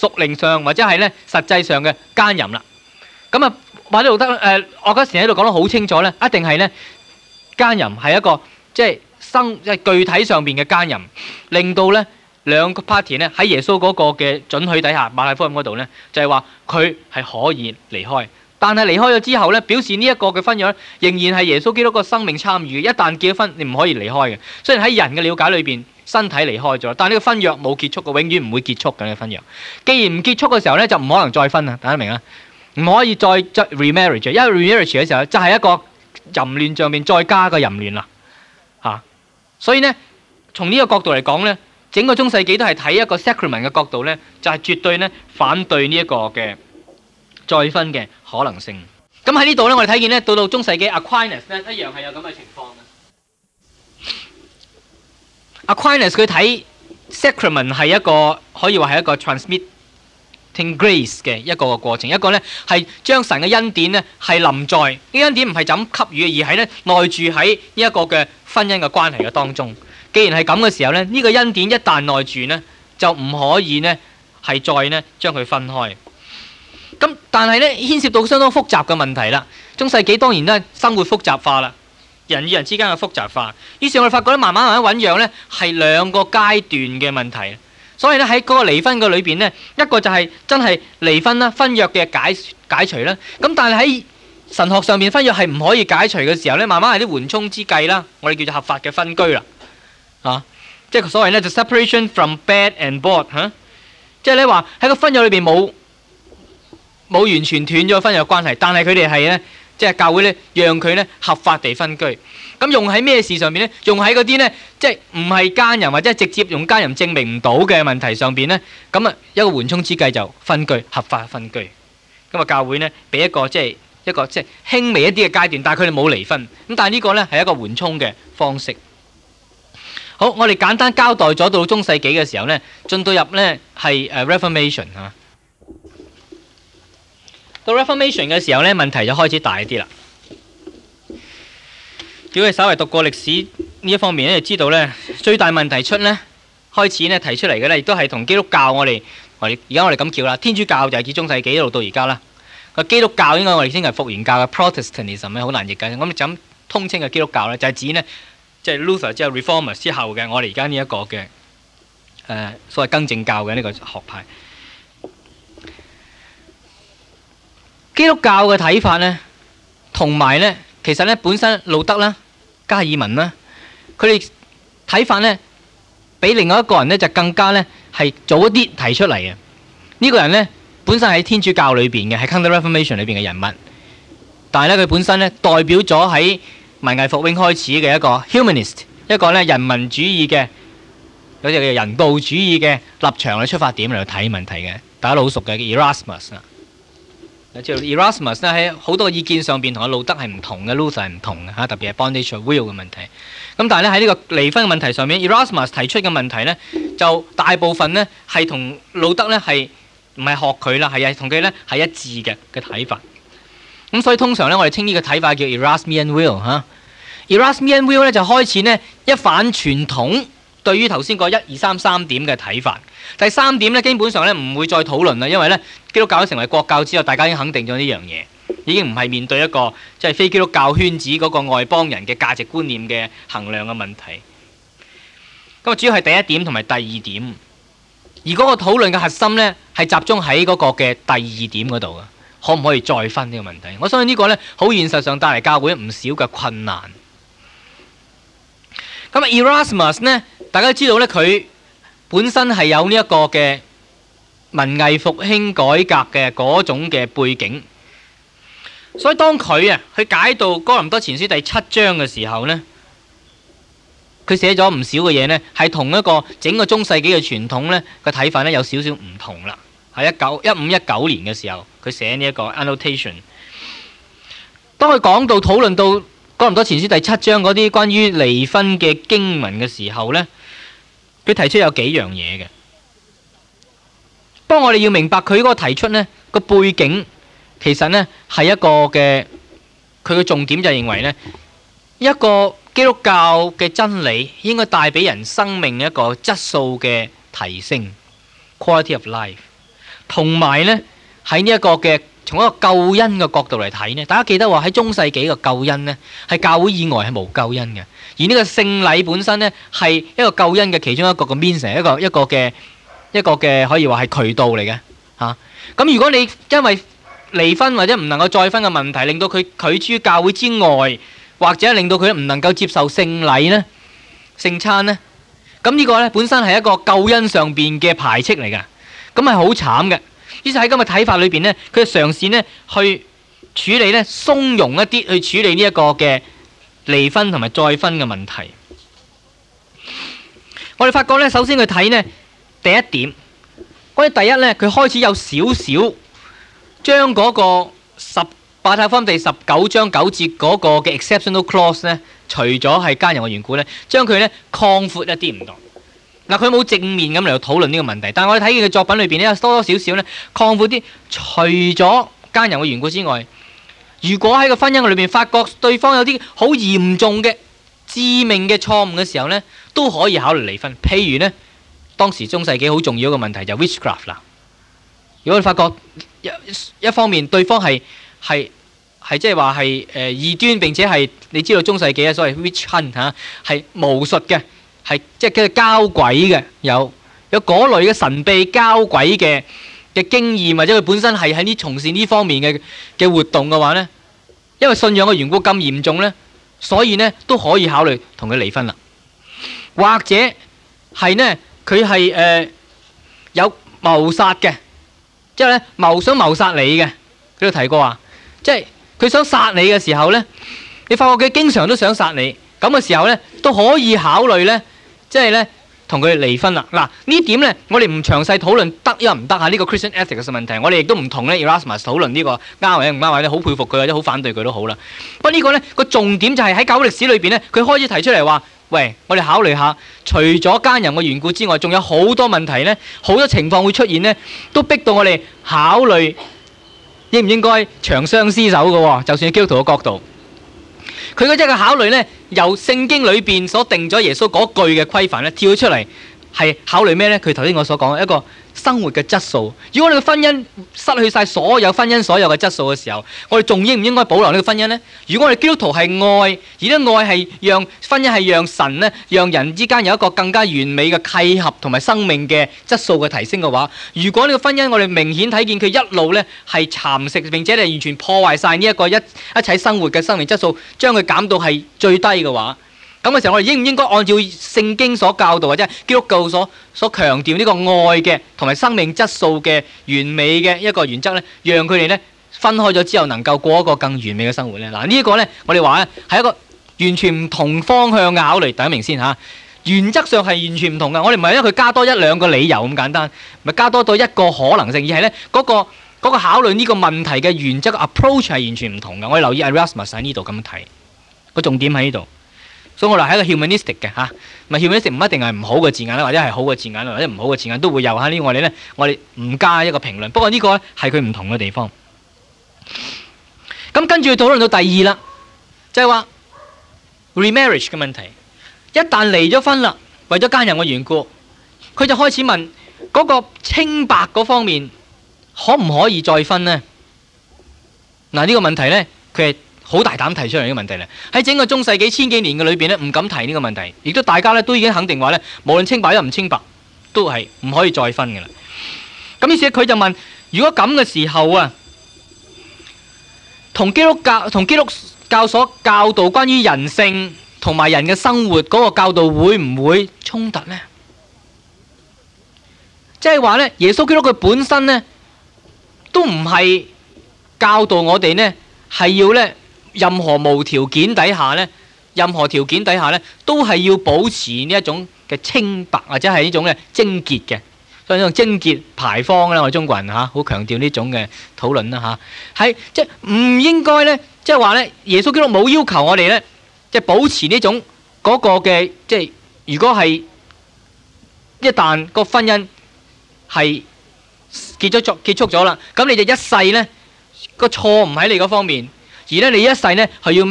熟齡上或者係咧實際上嘅奸淫啦，咁啊喺度得誒，我嗰時喺度講得好清楚咧，一定係咧奸淫係一個即係生即係具體上邊嘅奸淫，令到咧兩個 party 咧喺耶穌嗰個嘅准許底下，馬太福音嗰度咧就係話佢係可以離開，但係離開咗之後咧，表示呢一個嘅婚約仍然係耶穌基督個生命參與，一旦結咗婚，你唔可以離開嘅。雖然喺人嘅了解裏邊。身體離開咗，但係呢個婚約冇結束嘅，永遠唔會結束嘅呢個婚約。既然唔結束嘅時候咧，就唔可能再婚啊！大家明啊？唔可以再 re-marriage，因為 re-marriage 嘅時候就係一個淫亂上面再加個淫亂啦嚇。所以咧，從呢個角度嚟講咧，整個中世紀都係睇一個 sacrament 嘅角度咧，就係絕對咧反對呢一個嘅再婚嘅可能性。咁喺呢度咧，我哋睇見咧，到到中世紀 Aquinas 咧一樣係有咁嘅情況嘅。Aquinas 佢睇 Sacrament 係一個可以話係一個 transmitting grace 嘅一個個過程，一個呢係將神嘅恩典呢係臨在，呢、這個、恩典唔係就咁給予，而係呢內住喺呢一個嘅婚姻嘅關係嘅當中。既然係咁嘅時候呢，呢、這個恩典一旦內住呢，就唔可以呢係再呢將佢分開。咁但係呢牽涉到相當複雜嘅問題啦。中世紀當然呢生活複雜化啦。人與人之間嘅複雜化，於是，我哋發覺咧，慢慢慢慢醞釀咧，係兩個階段嘅問題。所以咧，喺嗰個離婚嘅裏邊咧，一個就係真係離婚啦，婚約嘅解解除啦。咁但係喺神學上面，婚約係唔可以解除嘅時候咧，慢慢係啲緩衝之計啦。我哋叫做合法嘅分居啦。嚇，即係所謂咧，the separation from bed and board，嚇。即係你話喺個婚約裏邊冇冇完全斷咗婚約關係，但係佢哋係咧。即係教會咧，讓佢咧合法地分居。咁用喺咩事上面咧？用喺嗰啲咧，即係唔係奸人或者係直接用奸人證明唔到嘅問題上邊咧？咁啊，一個緩衝之計就分居，合法分居。咁啊，教會咧俾一個即係一個即係輕微一啲嘅階段，但係佢哋冇離婚。咁但係呢個咧係一個緩衝嘅方式。好，我哋簡單交代咗到中世紀嘅時候咧，進到入咧係 Reformation 係嘛。到 Reformation 嘅時候咧，問題就開始大啲啦。如果係稍微讀過歷史呢一方面咧，就知道咧最大問題出咧開始咧提出嚟嘅咧，亦都係同基督教我哋而而家我哋咁叫啦，天主教就係自中世紀一路到而家啦。個基督教應該我哋稱為復原教嘅 Protestantism 咧，好難譯嘅。咁就咁通稱嘅基督教咧，就係指呢，即係 Luther 之後 Reformer 之後嘅我哋而家呢一個嘅誒所謂更正教嘅呢個學派。基督教嘅睇法呢，同埋呢，其實呢，本身路德啦、加爾文啦，佢哋睇法呢，比另外一個人呢，就更加呢，係早一啲提出嚟嘅。呢個人呢，本身喺天主教裏邊嘅，喺 Counter-Reformation 裏邊嘅人物，但係呢，佢本身呢，代表咗喺文藝復興開始嘅一個 humanist，一個呢人民主義嘅，有啲叫人道主義嘅立場嘅出發點嚟去睇問題嘅，大家好熟嘅 Erasmus。Erasmus 咧，喺好多意見上邊同阿魯德係唔同嘅，Luther 係唔同嘅嚇，特別係 Bondage of Will 嘅問題。咁但係咧，喺呢個離婚嘅問題上面，Erasmus 提出嘅問題咧就大部分咧係同魯德咧係唔係學佢啦，係啊，同佢咧係一致嘅嘅睇法。咁所以通常咧我哋稱呢個睇法叫 Erasmian Will 嚇 Erasmian Will 咧，就開始呢一反傳統。對於頭先個一二三三點嘅睇法，第三點呢基本上呢唔會再討論啦，因為呢基督教成為國教之後，大家已經肯定咗呢樣嘢，已經唔係面對一個即係、就是、非基督教圈子嗰個外邦人嘅價值觀念嘅衡量嘅問題。咁啊，主要係第一點同埋第二點，而嗰個討論嘅核心呢係集中喺嗰個嘅第二點嗰度嘅，可唔可以再分呢個問題？我相信呢個呢，好現實上帶嚟教會唔少嘅困難。咁啊，Erasmus 呢？大家都知道咧，佢本身係有呢一個嘅文藝復興改革嘅嗰種嘅背景，所以當佢啊去解讀《哥林多前書》第七章嘅時候咧，佢寫咗唔少嘅嘢咧，係同一個整個中世紀嘅傳統咧嘅睇法咧有少少唔同啦。喺一九一五一九年嘅時候，佢寫呢一個 annotation。當佢講到討論到《哥林多前書》第七章嗰啲關於離婚嘅經文嘅時候咧，佢提出有幾樣嘢嘅，不過我哋要明白佢嗰個提出咧個背景，其實咧係一個嘅，佢嘅重點就認為咧一個基督教嘅真理應該帶俾人生命一個質素嘅提升，quality of life，同埋咧喺呢一個嘅。從嗰個救恩嘅角度嚟睇咧，大家記得喎，喺中世紀嘅救恩咧，係教會以外係冇救恩嘅。而呢個聖禮本身咧，係一個救恩嘅其中一個嘅 means，一個一個嘅一個嘅可以話係渠道嚟嘅嚇。咁如果你因為離婚或者唔能夠再婚嘅問題，令到佢拒諸於教會之外，或者令到佢唔能夠接受聖禮咧、聖餐咧，咁呢個咧本身係一個救恩上邊嘅排斥嚟嘅，咁係好慘嘅。於是喺今個睇法裏邊呢，佢嘅嘗試呢，去處理呢，鬆容一啲去處理呢一個嘅離婚同埋再婚嘅問題。我哋發覺呢，首先去睇呢第一點，關於第一呢，佢開始有少少將嗰個馬太福音第十九章九節嗰個嘅 exceptional clause 呢，除咗係姦淫嘅緣故呢，將佢呢擴闊一啲唔同。嗱，佢冇正面咁嚟到討論呢個問題，但係我哋睇佢嘅作品裏邊呢，多多少少呢，擴闊啲。除咗奸人嘅緣故之外，如果喺個婚姻裏邊發覺對方有啲好嚴重嘅致命嘅錯誤嘅時候呢，都可以考慮離婚。譬如呢，當時中世紀好重要嘅問題就係 witchcraft 啦。如果你發覺一方面對方係係係即係話係誒異端，並且係你知道中世紀啊所謂 witch hunt，嚇係巫術嘅。係即係叫做交鬼嘅，有有嗰類嘅神秘交鬼嘅嘅經驗，或者佢本身係喺呢從事呢方面嘅嘅活動嘅話咧，因為信仰嘅緣故咁嚴重咧，所以咧都可以考慮同佢離婚啦，或者係咧佢係誒有謀殺嘅，即係咧謀想謀殺你嘅，佢都提過啊，即係佢想殺你嘅時候咧，你發覺佢經常都想殺你，咁嘅時候咧都可以考慮咧。即係咧，同佢離婚啦。嗱，點呢點咧，我哋唔詳細討論得又唔得嚇呢個 Christian ethics 嘅問題。我哋亦都唔同咧 Erasmus 討論呢個啱或者唔啱。我哋好佩服佢或者好反對佢都好啦。不過呢個咧個重點就係喺教歷史裏邊咧，佢開始提出嚟話：喂，我哋考慮下，除咗奸淫嘅緣故之外，仲有好多問題咧，好多情況會出現咧，都逼到我哋考慮應唔應該長相廝守嘅喎。就算係基督徒嘅角度。佢嗰一個考慮呢，由聖經裏面所定咗耶穌嗰句嘅規範呢，跳出嚟係考慮咩呢？佢頭先我所講一個。生活嘅質素，如果你嘅婚姻失去晒所有婚姻所有嘅質素嘅時候，我哋仲應唔應該保留呢個婚姻呢？如果我哋基督徒係愛，而呢愛係讓婚姻係讓神呢，讓人之間有一個更加完美嘅契合同埋生命嘅質素嘅提升嘅話，如果呢個婚姻我哋明顯睇見佢一路呢係蠶食，並且係完全破壞晒呢一個一一齊生活嘅生命質素，將佢減到係最低嘅話，咁嘅時候，我哋應唔應該按照聖經所教導，或者基督教所所強調呢個愛嘅同埋生命質素嘅完美嘅一個原則咧，讓佢哋咧分開咗之後能夠過一個更完美嘅生活咧？嗱、這個，呢一個咧，我哋話咧係一個完全唔同方向嘅考慮。第一名先嚇，原則上係完全唔同嘅。我哋唔係因為佢加多一兩個理由咁簡單，咪加多到一個可能性，而係咧嗰個嗰個考慮呢個問題嘅原則嘅 approach 係完全唔同嘅。我哋留意 Erasmus 喺呢度咁睇，個重點喺呢度。咁我話喺一個 humanistic 嘅吓，咪 humanistic 唔一定係唔好嘅字眼啦，或者係好嘅字眼，或者唔好嘅字眼，的字眼都會有吓。呢我哋咧，我哋唔加一個評論。不過呢個咧係佢唔同嘅地方。咁跟住討論到第二啦，就係、是、話 remarriage 嘅問題。一旦離咗婚啦，為咗奸淫嘅緣故，佢就開始問嗰、那個清白嗰方面可唔可以再婚呢？」嗱呢個問題咧，佢。好大膽提出嚟呢個問題咧，喺整個中世紀千幾年嘅裏邊咧，唔敢提呢個問題，亦都大家咧都已經肯定話咧，無論清白亦都唔清白，都係唔可以再分嘅啦。咁於是佢就問：「如果咁嘅時候啊，同基督教同基督教所教導關於人性同埋人嘅生活嗰個教導會唔會衝突呢？」即係話咧，耶穌基督佢本身呢，都唔係教導我哋呢，係要呢。任何無條件底下呢，任何條件底下咧，都係要保持呢一種嘅清白或者係呢種嘅貞潔嘅。所以呢種貞潔牌坊啦，我哋中國人嚇好強調呢種嘅討論啦嚇。係即係唔應該呢，即係話呢，耶穌基督冇要求我哋呢，即係保持呢種嗰個嘅，即係如果係一旦個婚姻係結咗結束咗啦，咁你就一世呢個錯誤喺你嗰方面。而咧，你一世呢、這個，係要孭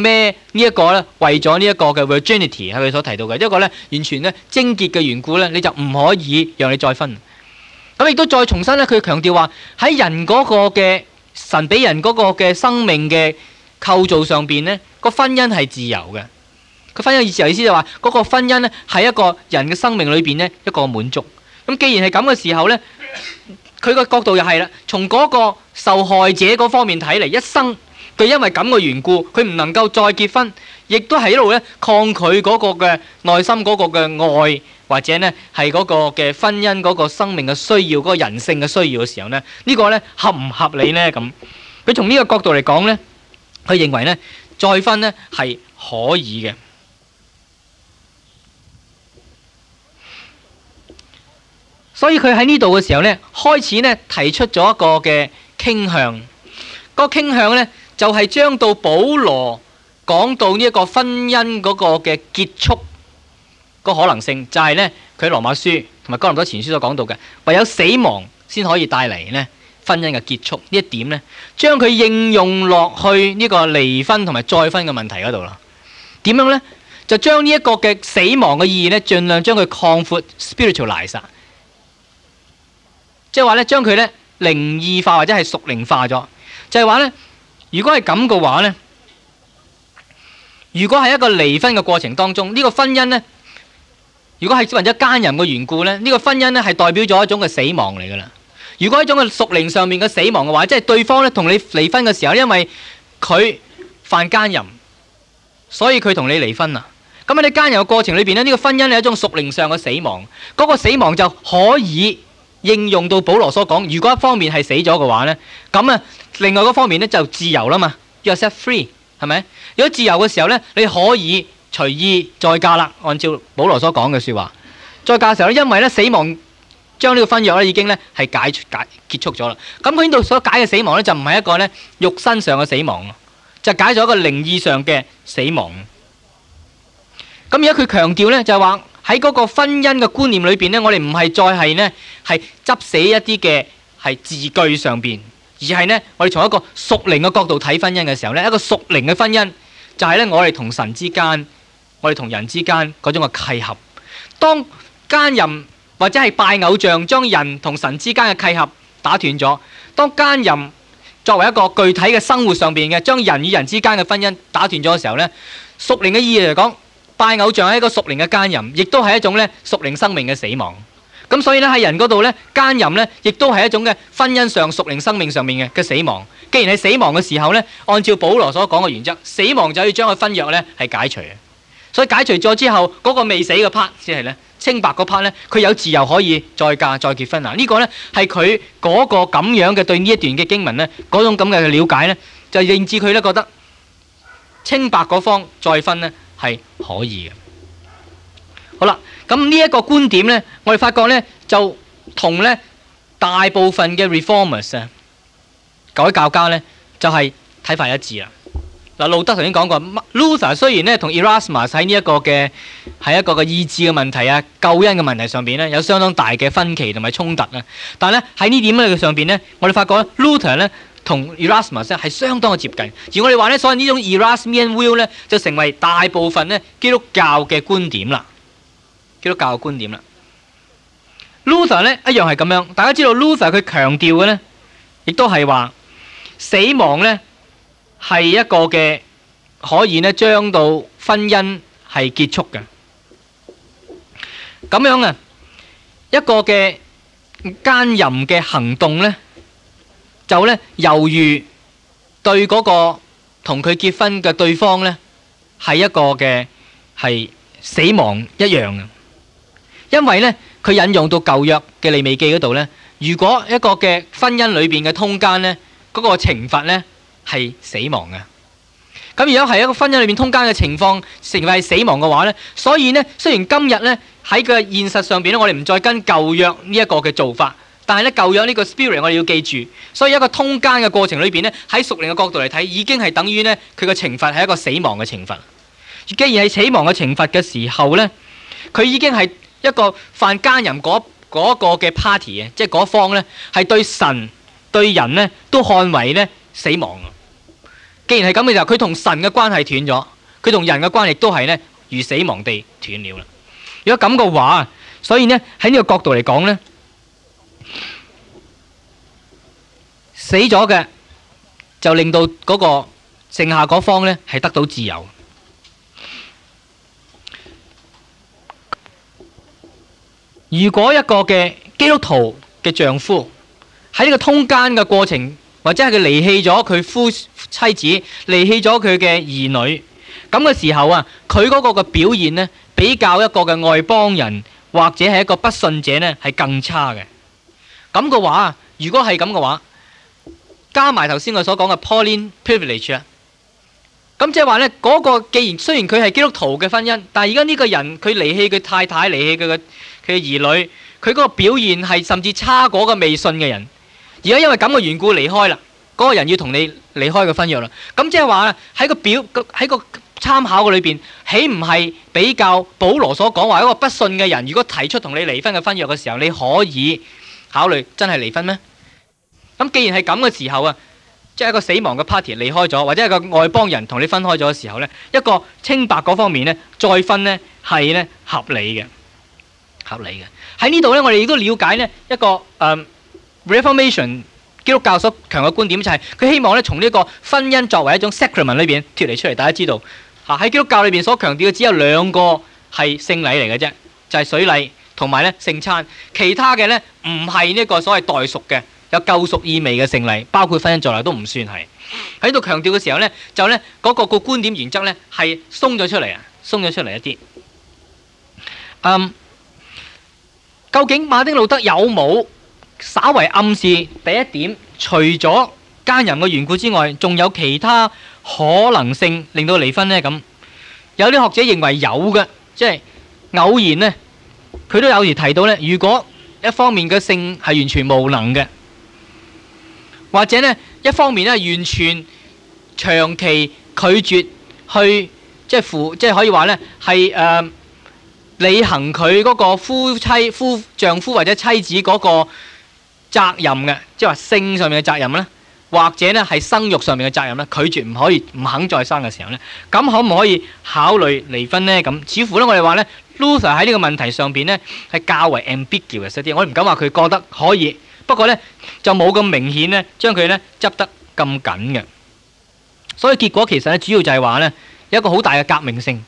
呢，一個呢，為咗呢一個嘅 virginity 係佢所提到嘅，一個呢，完全呢，精結嘅緣故呢，你就唔可以讓你再婚。咁亦都再重申呢，佢強調話喺人嗰個嘅神俾人嗰個嘅生命嘅構造上邊呢，個婚姻係自由嘅。佢婚姻意思意思就話嗰、嗰個婚姻呢，係一個人嘅生命裏邊呢一個滿足。咁既然係咁嘅時候呢，佢個角度又係啦，從嗰個受害者嗰方面睇嚟，一生。佢因為咁嘅緣故，佢唔能夠再結婚，亦都喺度咧抗拒嗰個嘅內心嗰個嘅愛，或者咧係嗰個嘅婚姻嗰個生命嘅需要，嗰個人性嘅需要嘅時候呢，呢個呢，合唔合理呢？咁佢從呢個角度嚟講呢，佢認為呢，再婚呢係可以嘅，所以佢喺呢度嘅時候呢，開始呢提出咗一個嘅傾向，個傾向呢。就係、是、將到保羅講到呢一個婚姻嗰個嘅結束個可能性就是呢，就係咧佢羅馬書同埋哥林多前書所講到嘅，唯有死亡先可以帶嚟咧婚姻嘅結束呢一點咧，將佢應用落去呢個離婚同埋再婚嘅問題嗰度咯。點樣咧？就將呢一個嘅死亡嘅意義咧，盡量將佢擴闊 spiritualize，即係話咧將佢咧靈意化或者係屬靈化咗，就係話咧。如果係咁嘅話呢，如果係一個離婚嘅過程當中，呢、這個婚姻呢，如果係或者奸淫嘅緣故呢，呢、這個婚姻呢係代表咗一種嘅死亡嚟噶啦。如果一種嘅屬靈上面嘅死亡嘅話，即係對方呢同你離婚嘅時候，因為佢犯奸淫，所以佢同你離婚啦。咁喺你奸淫嘅過程裏邊呢，呢、這個婚姻係一種屬靈上嘅死亡。嗰、那個死亡就可以應用到保羅所講，如果一方面係死咗嘅話呢，咁啊。另外嗰方面咧就自由啦嘛，You're set free，係咪？有自由嘅時候咧，你可以隨意再嫁啦。按照保羅所講嘅説話，再嫁嘅時候咧，因為咧死亡將呢個婚約咧已經咧係解解，解結束咗啦。咁佢呢度所解嘅死亡咧就唔係一個咧肉身上嘅死亡，就解咗一個靈意上嘅死亡。咁而家佢強調咧就係話喺嗰個婚姻嘅觀念裏邊咧，我哋唔係再係呢係執死一啲嘅係字句上邊。而係呢，我哋從一個屬靈嘅角度睇婚姻嘅時候，呢一個屬靈嘅婚姻就係呢，我哋同神之間、我哋同人之間嗰種嘅契合。當奸淫或者係拜偶像將人同神之間嘅契合打斷咗，當奸淫作為一個具體嘅生活上面嘅將人與人之間嘅婚姻打斷咗嘅時候，呢屬靈嘅意義嚟講，拜偶像係一個屬靈嘅奸淫，亦都係一種呢屬靈生命嘅死亡。咁所以咧，喺人嗰度咧，奸淫咧，亦都係一種嘅婚姻上、屬靈生命上面嘅嘅死亡。既然係死亡嘅時候咧，按照保羅所講嘅原則，死亡就要將佢婚約咧係解除嘅。所以解除咗之後，嗰、嗰個未死嘅 part 先係咧清白嗰 part 咧，佢有自由可以再嫁再結婚了。嗱、呢個、呢是他那個咧係佢嗰個咁樣嘅對呢一段嘅經文咧嗰種咁嘅了解咧，就令至佢咧覺得清白嗰方再婚咧係可以嘅。好啦，咁呢一個觀點呢，我哋發覺呢，就同呢大部分嘅 reformers 啊，各位教家呢，就係睇法一致啦。嗱，路德頭先講過，Luther 雖然呢同 Erasmus 喺呢一個嘅喺一個嘅意志嘅問題啊、救恩嘅問題上邊呢，有相當大嘅分歧同埋衝突啊，但係呢，喺呢點嘅上邊呢，我哋發覺 Luther 呢同 Erasmus 呢係相當嘅接近。而我哋話呢，所謂呢種 Erasmian will 呢就成為大部分呢基督教嘅觀點啦。基督教嘅觀點啦。Luther 咧一樣係咁樣，大家知道 Luther 佢強調嘅咧，亦都係話死亡咧係一個嘅可以咧將到婚姻係結束嘅。咁樣啊，一個嘅奸淫嘅行動咧，就咧猶如對嗰個同佢結婚嘅對方咧係一個嘅係死亡一樣啊！因為咧，佢引用到舊約嘅利未記嗰度咧，如果一個嘅婚姻裏邊嘅通奸咧，嗰個懲罰咧係死亡嘅。咁如果係一個婚姻裏邊通奸嘅情況，懲罰係死亡嘅話咧，所以呢，雖然今日咧喺個現實上邊咧，我哋唔再跟舊約呢一個嘅做法，但係咧舊約呢個 spirit 我哋要記住。所以一個通奸嘅過程裏邊咧，喺屬靈嘅角度嚟睇，已經係等於咧佢嘅懲罰係一個死亡嘅懲罰。既然係死亡嘅懲罰嘅時候咧，佢已經係。一個犯奸淫嗰嗰個嘅 party 嘅，即係嗰方咧，係對神對人咧都看為咧死亡。既然係咁嘅時候，佢同神嘅關係斷咗，佢同人嘅關係亦都係咧如死亡地斷了啦。如果咁嘅話，所以咧喺呢個角度嚟講咧，死咗嘅就令到嗰個剩下嗰方咧係得到自由。如果一個嘅基督徒嘅丈夫喺呢個通奸嘅過程，或者係佢離棄咗佢夫妻子，離棄咗佢嘅兒女咁嘅時候啊，佢嗰個嘅表現呢，比較一個嘅外邦人或者係一個不信者呢，係更差嘅。咁嘅話如果係咁嘅話，加埋頭先我所講嘅 Pauline privilege 啊，咁即係話呢嗰個既然雖然佢係基督徒嘅婚姻，但係而家呢個人佢離棄佢太太，離棄佢嘅。佢嘅兒女，佢嗰個表現係甚至差過個未信嘅人，而家因為咁嘅緣故離開啦，嗰、那個人要同你離開個婚約啦。咁即係話喺個表喺個參考嘅裏邊，豈唔係比較保羅所講話一個不信嘅人，如果提出同你離婚嘅婚約嘅時候，你可以考慮真係離婚咩？咁既然係咁嘅時候啊，即、就、係、是、一個死亡嘅 party 離開咗，或者一個外邦人同你分開咗嘅時候呢，一個清白嗰方面呢，再婚呢係呢合理嘅。合理嘅喺呢度呢，我哋亦都了解呢一個嗯 Reformation 基督教所強嘅觀點就係佢希望呢，從呢個婚姻作為一種 Sacrament 裏邊脫離出嚟。大家知道吓喺基督教裏邊所強調嘅只有兩個係聖禮嚟嘅啫，就係水禮同埋呢聖餐。其他嘅呢，唔係呢個所謂代贖嘅有救贖意味嘅聖禮，包括婚姻在內都唔算係喺度強調嘅時候呢，就呢嗰個個觀點原則呢，係鬆咗出嚟啊，鬆咗出嚟一啲究竟馬丁路德有冇稍為暗示？第一點，除咗奸淫嘅緣故之外，仲有其他可能性令到離婚呢？咁有啲學者認為有嘅，即係偶然呢。佢都有時提到呢：如果一方面嘅性係完全無能嘅，或者呢一方面呢完全長期拒絕去即係夫即係可以話呢係誒。履行佢嗰個夫妻夫丈夫或者妻子嗰個責任嘅，即係話性上面嘅責任咧，或者呢係生育上面嘅責任咧，拒絕唔可以唔肯再生嘅時候呢。咁可唔可以考慮離婚呢？咁似乎呢，我哋話呢 Luther 喺呢個問題上面呢係較為 ambiguous 一啲，我唔敢話佢覺得可以，不過呢就冇咁明顯呢將佢呢執得咁緊嘅，所以結果其實呢，主要就係話呢，有一個好大嘅革命性。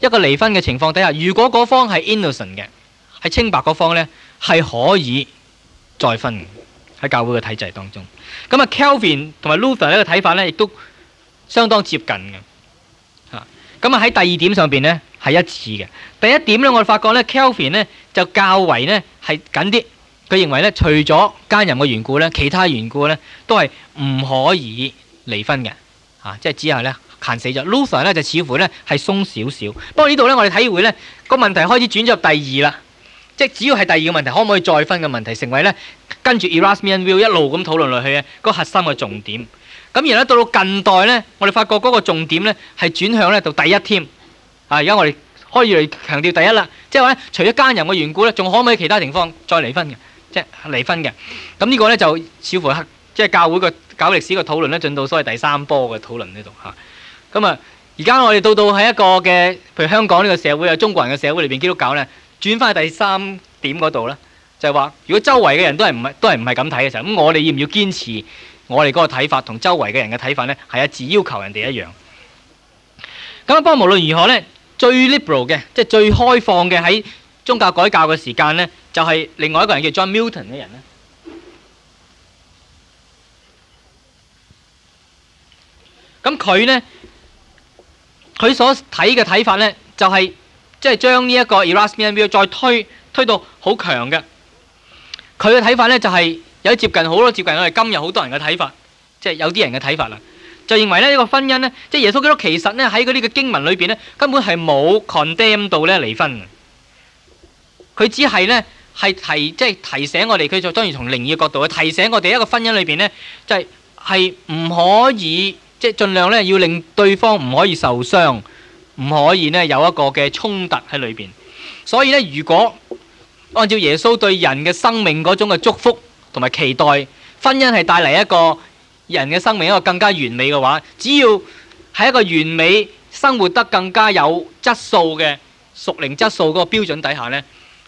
一個離婚嘅情況底下，如果嗰方係 innocent 嘅，係清白嗰方咧，係可以再婚喺教會嘅體制當中。咁啊 Calvin 同埋 Luther 的呢個睇法咧，亦都相當接近嘅。嚇，咁啊喺第二點上邊咧係一致嘅。第一點咧，我哋發覺咧 Calvin 咧就較為咧係緊啲，佢認為咧除咗奸淫嘅緣故咧，其他緣故咧都係唔可以離婚嘅。嚇、啊，即係只有咧。攰死咗 Luther 咧就似乎咧係鬆少少。不過呢度咧，我哋體會咧個問題開始轉咗第二啦，即係只要係第二個問題，可唔可以再分嘅問題成為咧跟住 Erasmian will 一路咁討論落去咧，那個核心嘅重點。咁而咧到到近代咧，我哋發覺嗰個重點咧係轉向咧到第一添。啊，而家我哋可以嚟強調第一啦，即係話咧除咗姦淫嘅緣故咧，仲可唔可以其他情況再離婚嘅？即、就、係、是、離婚嘅。咁呢個咧就似乎即係教會個搞歷史個討論咧進到所謂第三波嘅討論呢度嚇。咁啊！而家我哋到到喺一個嘅，譬如香港呢個社會啊，中國人嘅社會裏邊，基督教咧轉翻去第三點嗰度啦，就係話，如果周圍嘅人都係唔係都係唔係咁睇嘅時候，咁我哋要唔要堅持我哋嗰個睇法同周圍嘅人嘅睇法咧係一致，要求人哋一樣？咁不過，無論如何咧，最 liberal 嘅，即係最開放嘅喺宗教改革嘅時間咧，就係另外一個人叫 John Milton 嘅人咧。咁佢咧。佢所睇嘅睇法呢，就係即係將呢一個 Erasmian view 再推推到好強嘅。佢嘅睇法呢，就係有接近好多接近我哋今日好多人嘅睇法，即係有啲人嘅睇法啦。就認為呢呢個婚姻呢，即係耶穌基督其實呢喺嗰啲嘅經文裏邊呢，根本係冇 condemn 到呢離婚。佢只係呢係提即係提醒我哋，佢就當然從靈意嘅角度去提醒我哋一個婚姻裏邊呢，就係係唔可以。即係盡量咧，要令對方唔可以受傷，唔可以呢有一個嘅衝突喺裏邊。所以咧，如果按照耶穌對人嘅生命嗰種嘅祝福同埋期待，婚姻係帶嚟一個人嘅生命一個更加完美嘅話，只要喺一個完美、生活得更加有質素嘅屬靈質素嗰個標準底下呢，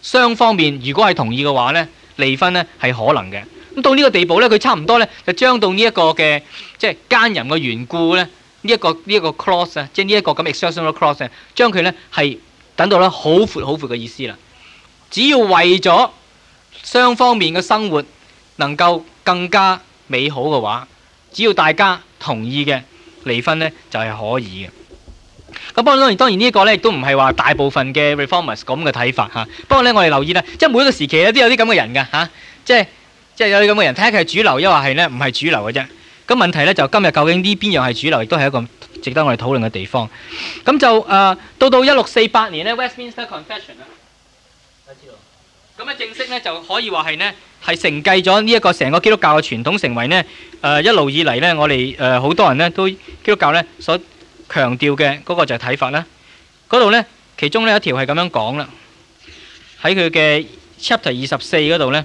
雙方面如果係同意嘅話呢，離婚呢係可能嘅。咁到呢個地步咧，佢差唔多咧，就將到呢一個嘅即係奸淫嘅緣故咧，這個這個、clause, clause, 呢一個呢一個 clause 啊，即係呢一個咁 excessive 嘅 clause 啊，將佢咧係等到咧好闊好闊嘅意思啦。只要為咗雙方面嘅生活能夠更加美好嘅話，只要大家同意嘅離婚咧就係、是、可以嘅。咁不過當然當然呢一個咧都唔係話大部分嘅 reformers 咁嘅睇法嚇。不過咧我哋留意啊，即係每一個時期都有啲咁嘅人噶嚇、啊，即係。即係有啲咁嘅人睇，佢係主流，抑或係咧唔係主流嘅啫。咁問題咧就今日究竟呢邊樣係主流，亦都係一個值得我哋討論嘅地方。咁就誒到到一六四八年咧，Westminster Confession 啦。我知道。咁咧正式咧就可以話係咧係承繼咗呢一個成個基督教嘅傳統，成為咧誒一路以嚟咧我哋誒好多人咧都基督教咧所強調嘅嗰個就係睇法啦。嗰度咧其中咧一條係咁樣講啦，喺佢嘅 Chapter 二十四嗰度咧。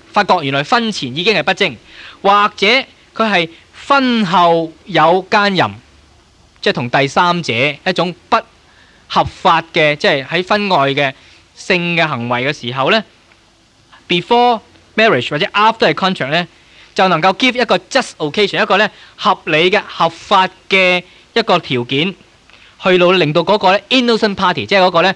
發覺原來婚前已經係不精，或者佢係婚後有奸淫，即係同第三者一種不合法嘅，即係喺婚外嘅性嘅行為嘅時候呢 before marriage 或者 after the contract 呢，就能夠 give 一個 just occasion 一個呢合理嘅合法嘅一個條件，去到令到嗰個呢 innocent party 即係嗰個呢。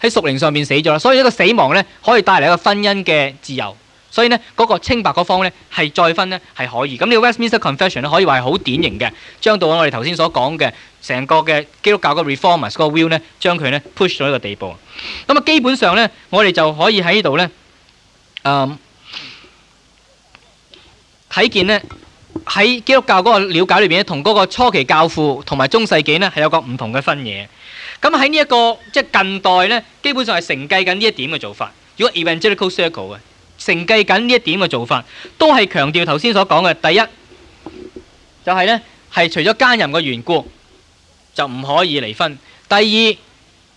喺屬靈上面死咗啦，所以一個死亡咧可以帶嚟一個婚姻嘅自由，所以呢，嗰個清白嗰方咧係再婚呢係可以，咁呢個 Westminster Confession 咧可以話係好典型嘅，將到我哋頭先所講嘅成個嘅基督教嘅 Reformers 嗰個 view 呢將佢呢 push 咗一個地步了。咁啊，基本上呢，我哋就可以喺呢度呢，誒、呃、睇見呢，喺基督教嗰個瞭解裏邊咧，同嗰個初期教父同埋中世紀呢係有個唔同嘅分野。咁喺呢一個即係近代咧，基本上係承繼緊呢一點嘅做法。如果 Evangelical Circle 嘅承繼緊呢一點嘅做法，都係強調頭先所講嘅第一，就係咧係除咗奸淫嘅緣故就唔可以離婚。第二，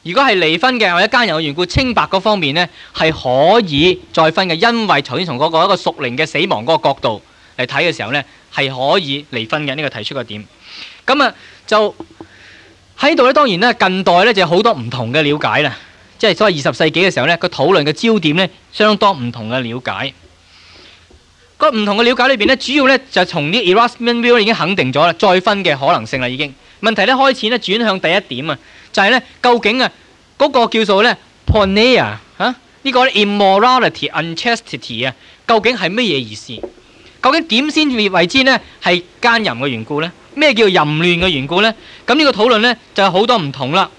如果係離婚嘅或者奸淫嘅緣故，清白嗰方面咧係可以再婚嘅，因為頭先從嗰個一個屬靈嘅死亡嗰個角度嚟睇嘅時候咧係可以離婚嘅呢個提出嘅點。咁啊就。喺度咧，當然咧，近代咧就有好多唔同嘅了解啦，即係所謂二十世紀嘅時候咧，個討論嘅焦點咧，相當唔同嘅了解。個唔同嘅了解裏邊咧，主要咧就從啲 Erasmian view 已經肯定咗啦，再分嘅可能性啦已經。問題咧開始咧轉向第一點啊，就係、是、咧究竟啊嗰個叫做咧 porneia 嚇、啊、呢、這個 immorality、unchastity 啊，究竟係乜嘢意思？究竟點先至為之呢？係奸淫嘅緣故呢？咩叫淫亂嘅緣故呢？咁呢個討論呢，就有好多唔同啦。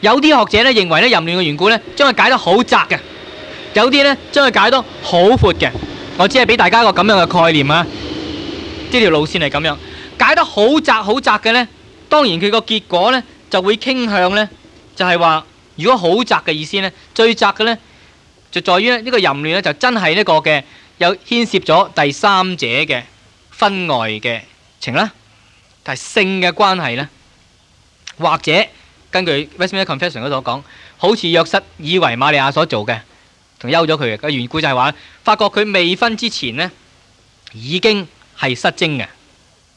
有啲學者咧認為呢，淫亂嘅緣故呢，將佢解得好窄嘅；有啲呢，將佢解得好闊嘅。我只係俾大家一個咁樣嘅概念啊。呢條路線係咁樣解得好窄好窄嘅呢。當然佢個結果呢，就會傾向呢，就係話，如果好窄嘅意思呢，最窄嘅呢，就在於呢個淫亂呢，就真係呢個嘅。有牽涉咗第三者嘅婚外嘅情啦，但係性嘅關係咧，或者根據 Westminster Confession 嗰度講，好似約瑟以為瑪利亞所做嘅，同休咗佢嘅個原故就係話，發覺佢未婚之前呢，已經係失精嘅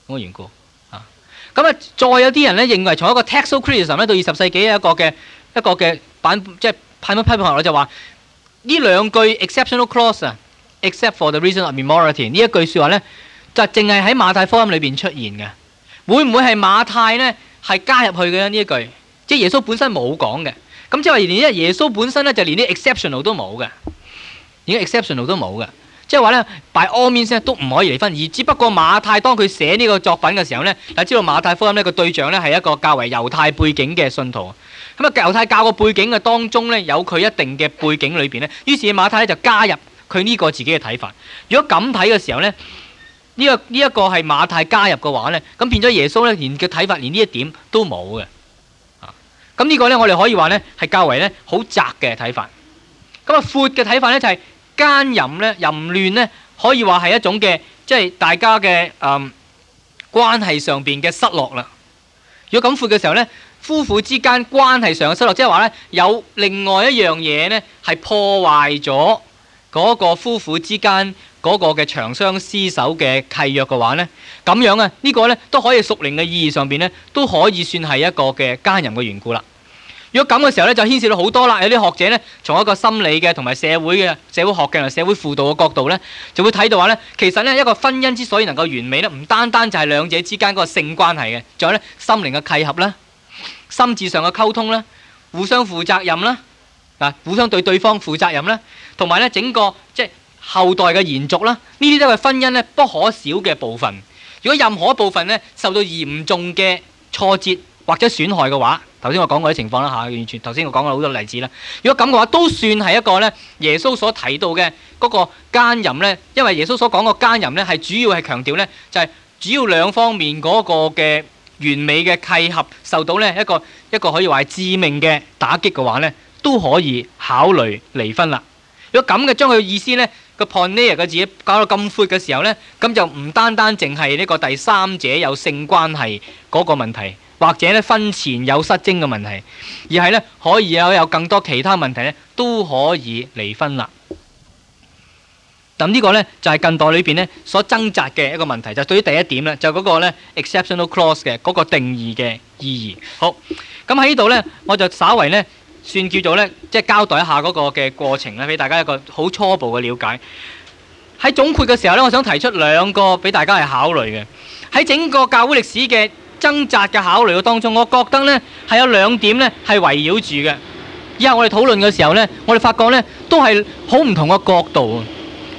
咁嘅原故啊。咁啊，再有啲人咧認為從一個 Textual Criticism 咧到二十世紀一個嘅一個嘅版，即係派乜批判學咧就話呢兩句 Exceptional Clause 啊。Except for the reason of immorality 呢一句說話呢就淨係喺馬太福音裏邊出現嘅，會唔會係馬太呢？係加入去嘅呢一句？即係耶穌本身冇講嘅，咁即係話連一耶穌本身呢，就連啲 exceptional 都冇嘅，連 exceptional 都冇嘅，即係話 by all means 呢都唔可以離婚，而只不過馬太當佢寫呢個作品嘅時候呢，大家知道馬太福音呢個對象呢係一個較為猶太背景嘅信徒，咁啊猶太教個背景嘅當中呢，有佢一定嘅背景裏邊呢，於是馬太呢就加入，佢呢個自己嘅睇法，如果咁睇嘅時候咧，呢、這個呢一、這個係馬太加入嘅話呢，咁變咗耶穌咧，連嘅睇法，連呢一點都冇嘅啊。咁、這、呢個呢，我哋可以話呢係較為呢好窄嘅睇法。咁啊，闊嘅睇法呢，就係奸淫咧、淫亂呢，可以話係一種嘅即係大家嘅嗯、呃、關係上邊嘅失落啦。如果咁闊嘅時候呢，夫婦之間關係上嘅失落，即係話呢，有另外一樣嘢呢，係破壞咗。嗰、那個夫婦之間嗰、那個嘅長相廝守嘅契約嘅話呢，咁樣啊，呢、這個呢，都可以屬靈嘅意義上邊呢，都可以算係一個嘅姦淫嘅緣故啦。如果咁嘅時候呢，就牽涉到好多啦。有啲學者呢，從一個心理嘅同埋社會嘅社會學嘅同埋社會輔導嘅角度呢，就會睇到話呢，其實呢，一個婚姻之所以能夠完美呢，唔單單就係兩者之間嗰個性關係嘅，仲有呢，心靈嘅契合啦、心智上嘅溝通啦、互相負責任啦、啊，互相對對方負責任啦。同埋咧，整個即係後代嘅延續啦，呢啲都係婚姻咧不可少嘅部分。如果任何一部分咧受到嚴重嘅挫折或者損害嘅話，頭先我講過啲情況啦吓，完全頭先我講過好多例子啦。如果咁嘅話，都算係一個咧耶穌所提到嘅嗰個奸淫咧，因為耶穌所講嘅奸淫咧，係主要係強調咧就係主要兩方面嗰個嘅完美嘅契合受到咧一個一個可以話係致命嘅打擊嘅話咧，都可以考慮離婚啦。如果咁嘅將佢意思呢個 porneia 嘅字搞到咁闊嘅時候呢，咁就唔單單淨係呢個第三者有性關係嗰個問題，或者呢婚前有失貞嘅問題，而係呢可以有有更多其他問題呢都可以離婚啦。咁呢個呢就係、是、近代裏邊呢所掙扎嘅一個問題，就對於第一點咧就嗰、是、個咧 exceptional clause 嘅嗰、那個定義嘅意義。好，咁喺呢度呢，我就稍為呢。算叫做咧，即交代一下嗰個嘅過程咧，俾大家一個好初步嘅了解。喺總括嘅時候咧，我想提出兩個俾大家係考慮嘅。喺整個教會歷史嘅掙扎嘅考慮當中，我覺得呢係有兩點呢係圍繞住嘅。以後我哋討論嘅時候呢，我哋發覺呢都係好唔同嘅角度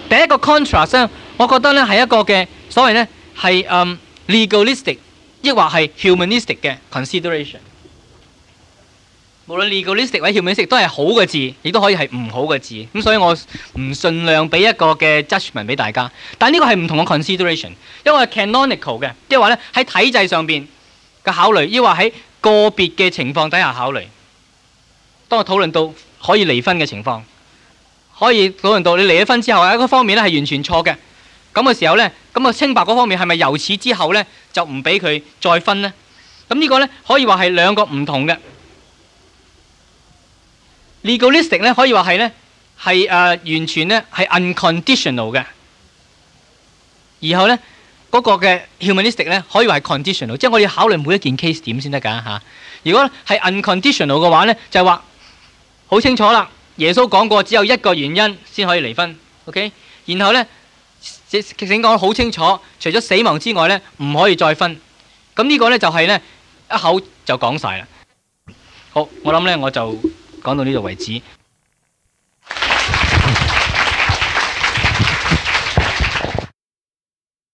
的。第一個 contrast 呢，我覺得呢係一個嘅所謂呢係嗯、um, legalistic，亦或係 humanistic 嘅 consideration。無論 legalistic 或者 humanistic，都係好嘅字，亦都可以係唔好嘅字。咁所以，我唔盡量俾一個嘅 judgment 俾大家。但呢個係唔同嘅 consideration，因為係 canonical 嘅，即係話咧喺體制上邊嘅考慮，抑或喺個別嘅情況底下考慮。當我討論到可以離婚嘅情況，可以討論到你離咗婚之後喺嗰方面咧係完全錯嘅咁嘅時候咧，咁啊清白嗰方面係咪由此之後咧就唔俾佢再分呢？咁呢個咧可以話係兩個唔同嘅。Legalistic 咧可以話係咧係誒完全咧係 unconditional 嘅，然後咧嗰個嘅 humanistic 咧可以話係 conditional，即係我要考慮每一件 case 點先得㗎嚇。如果係 unconditional 嘅話咧，就係話好清楚啦。耶穌講過，只有一個原因先可以離婚。OK，然後咧其實講得好清楚，除咗死亡之外咧唔可以再婚。咁呢個咧就係咧一口就講晒啦。好，我諗咧我就。講到呢度為止。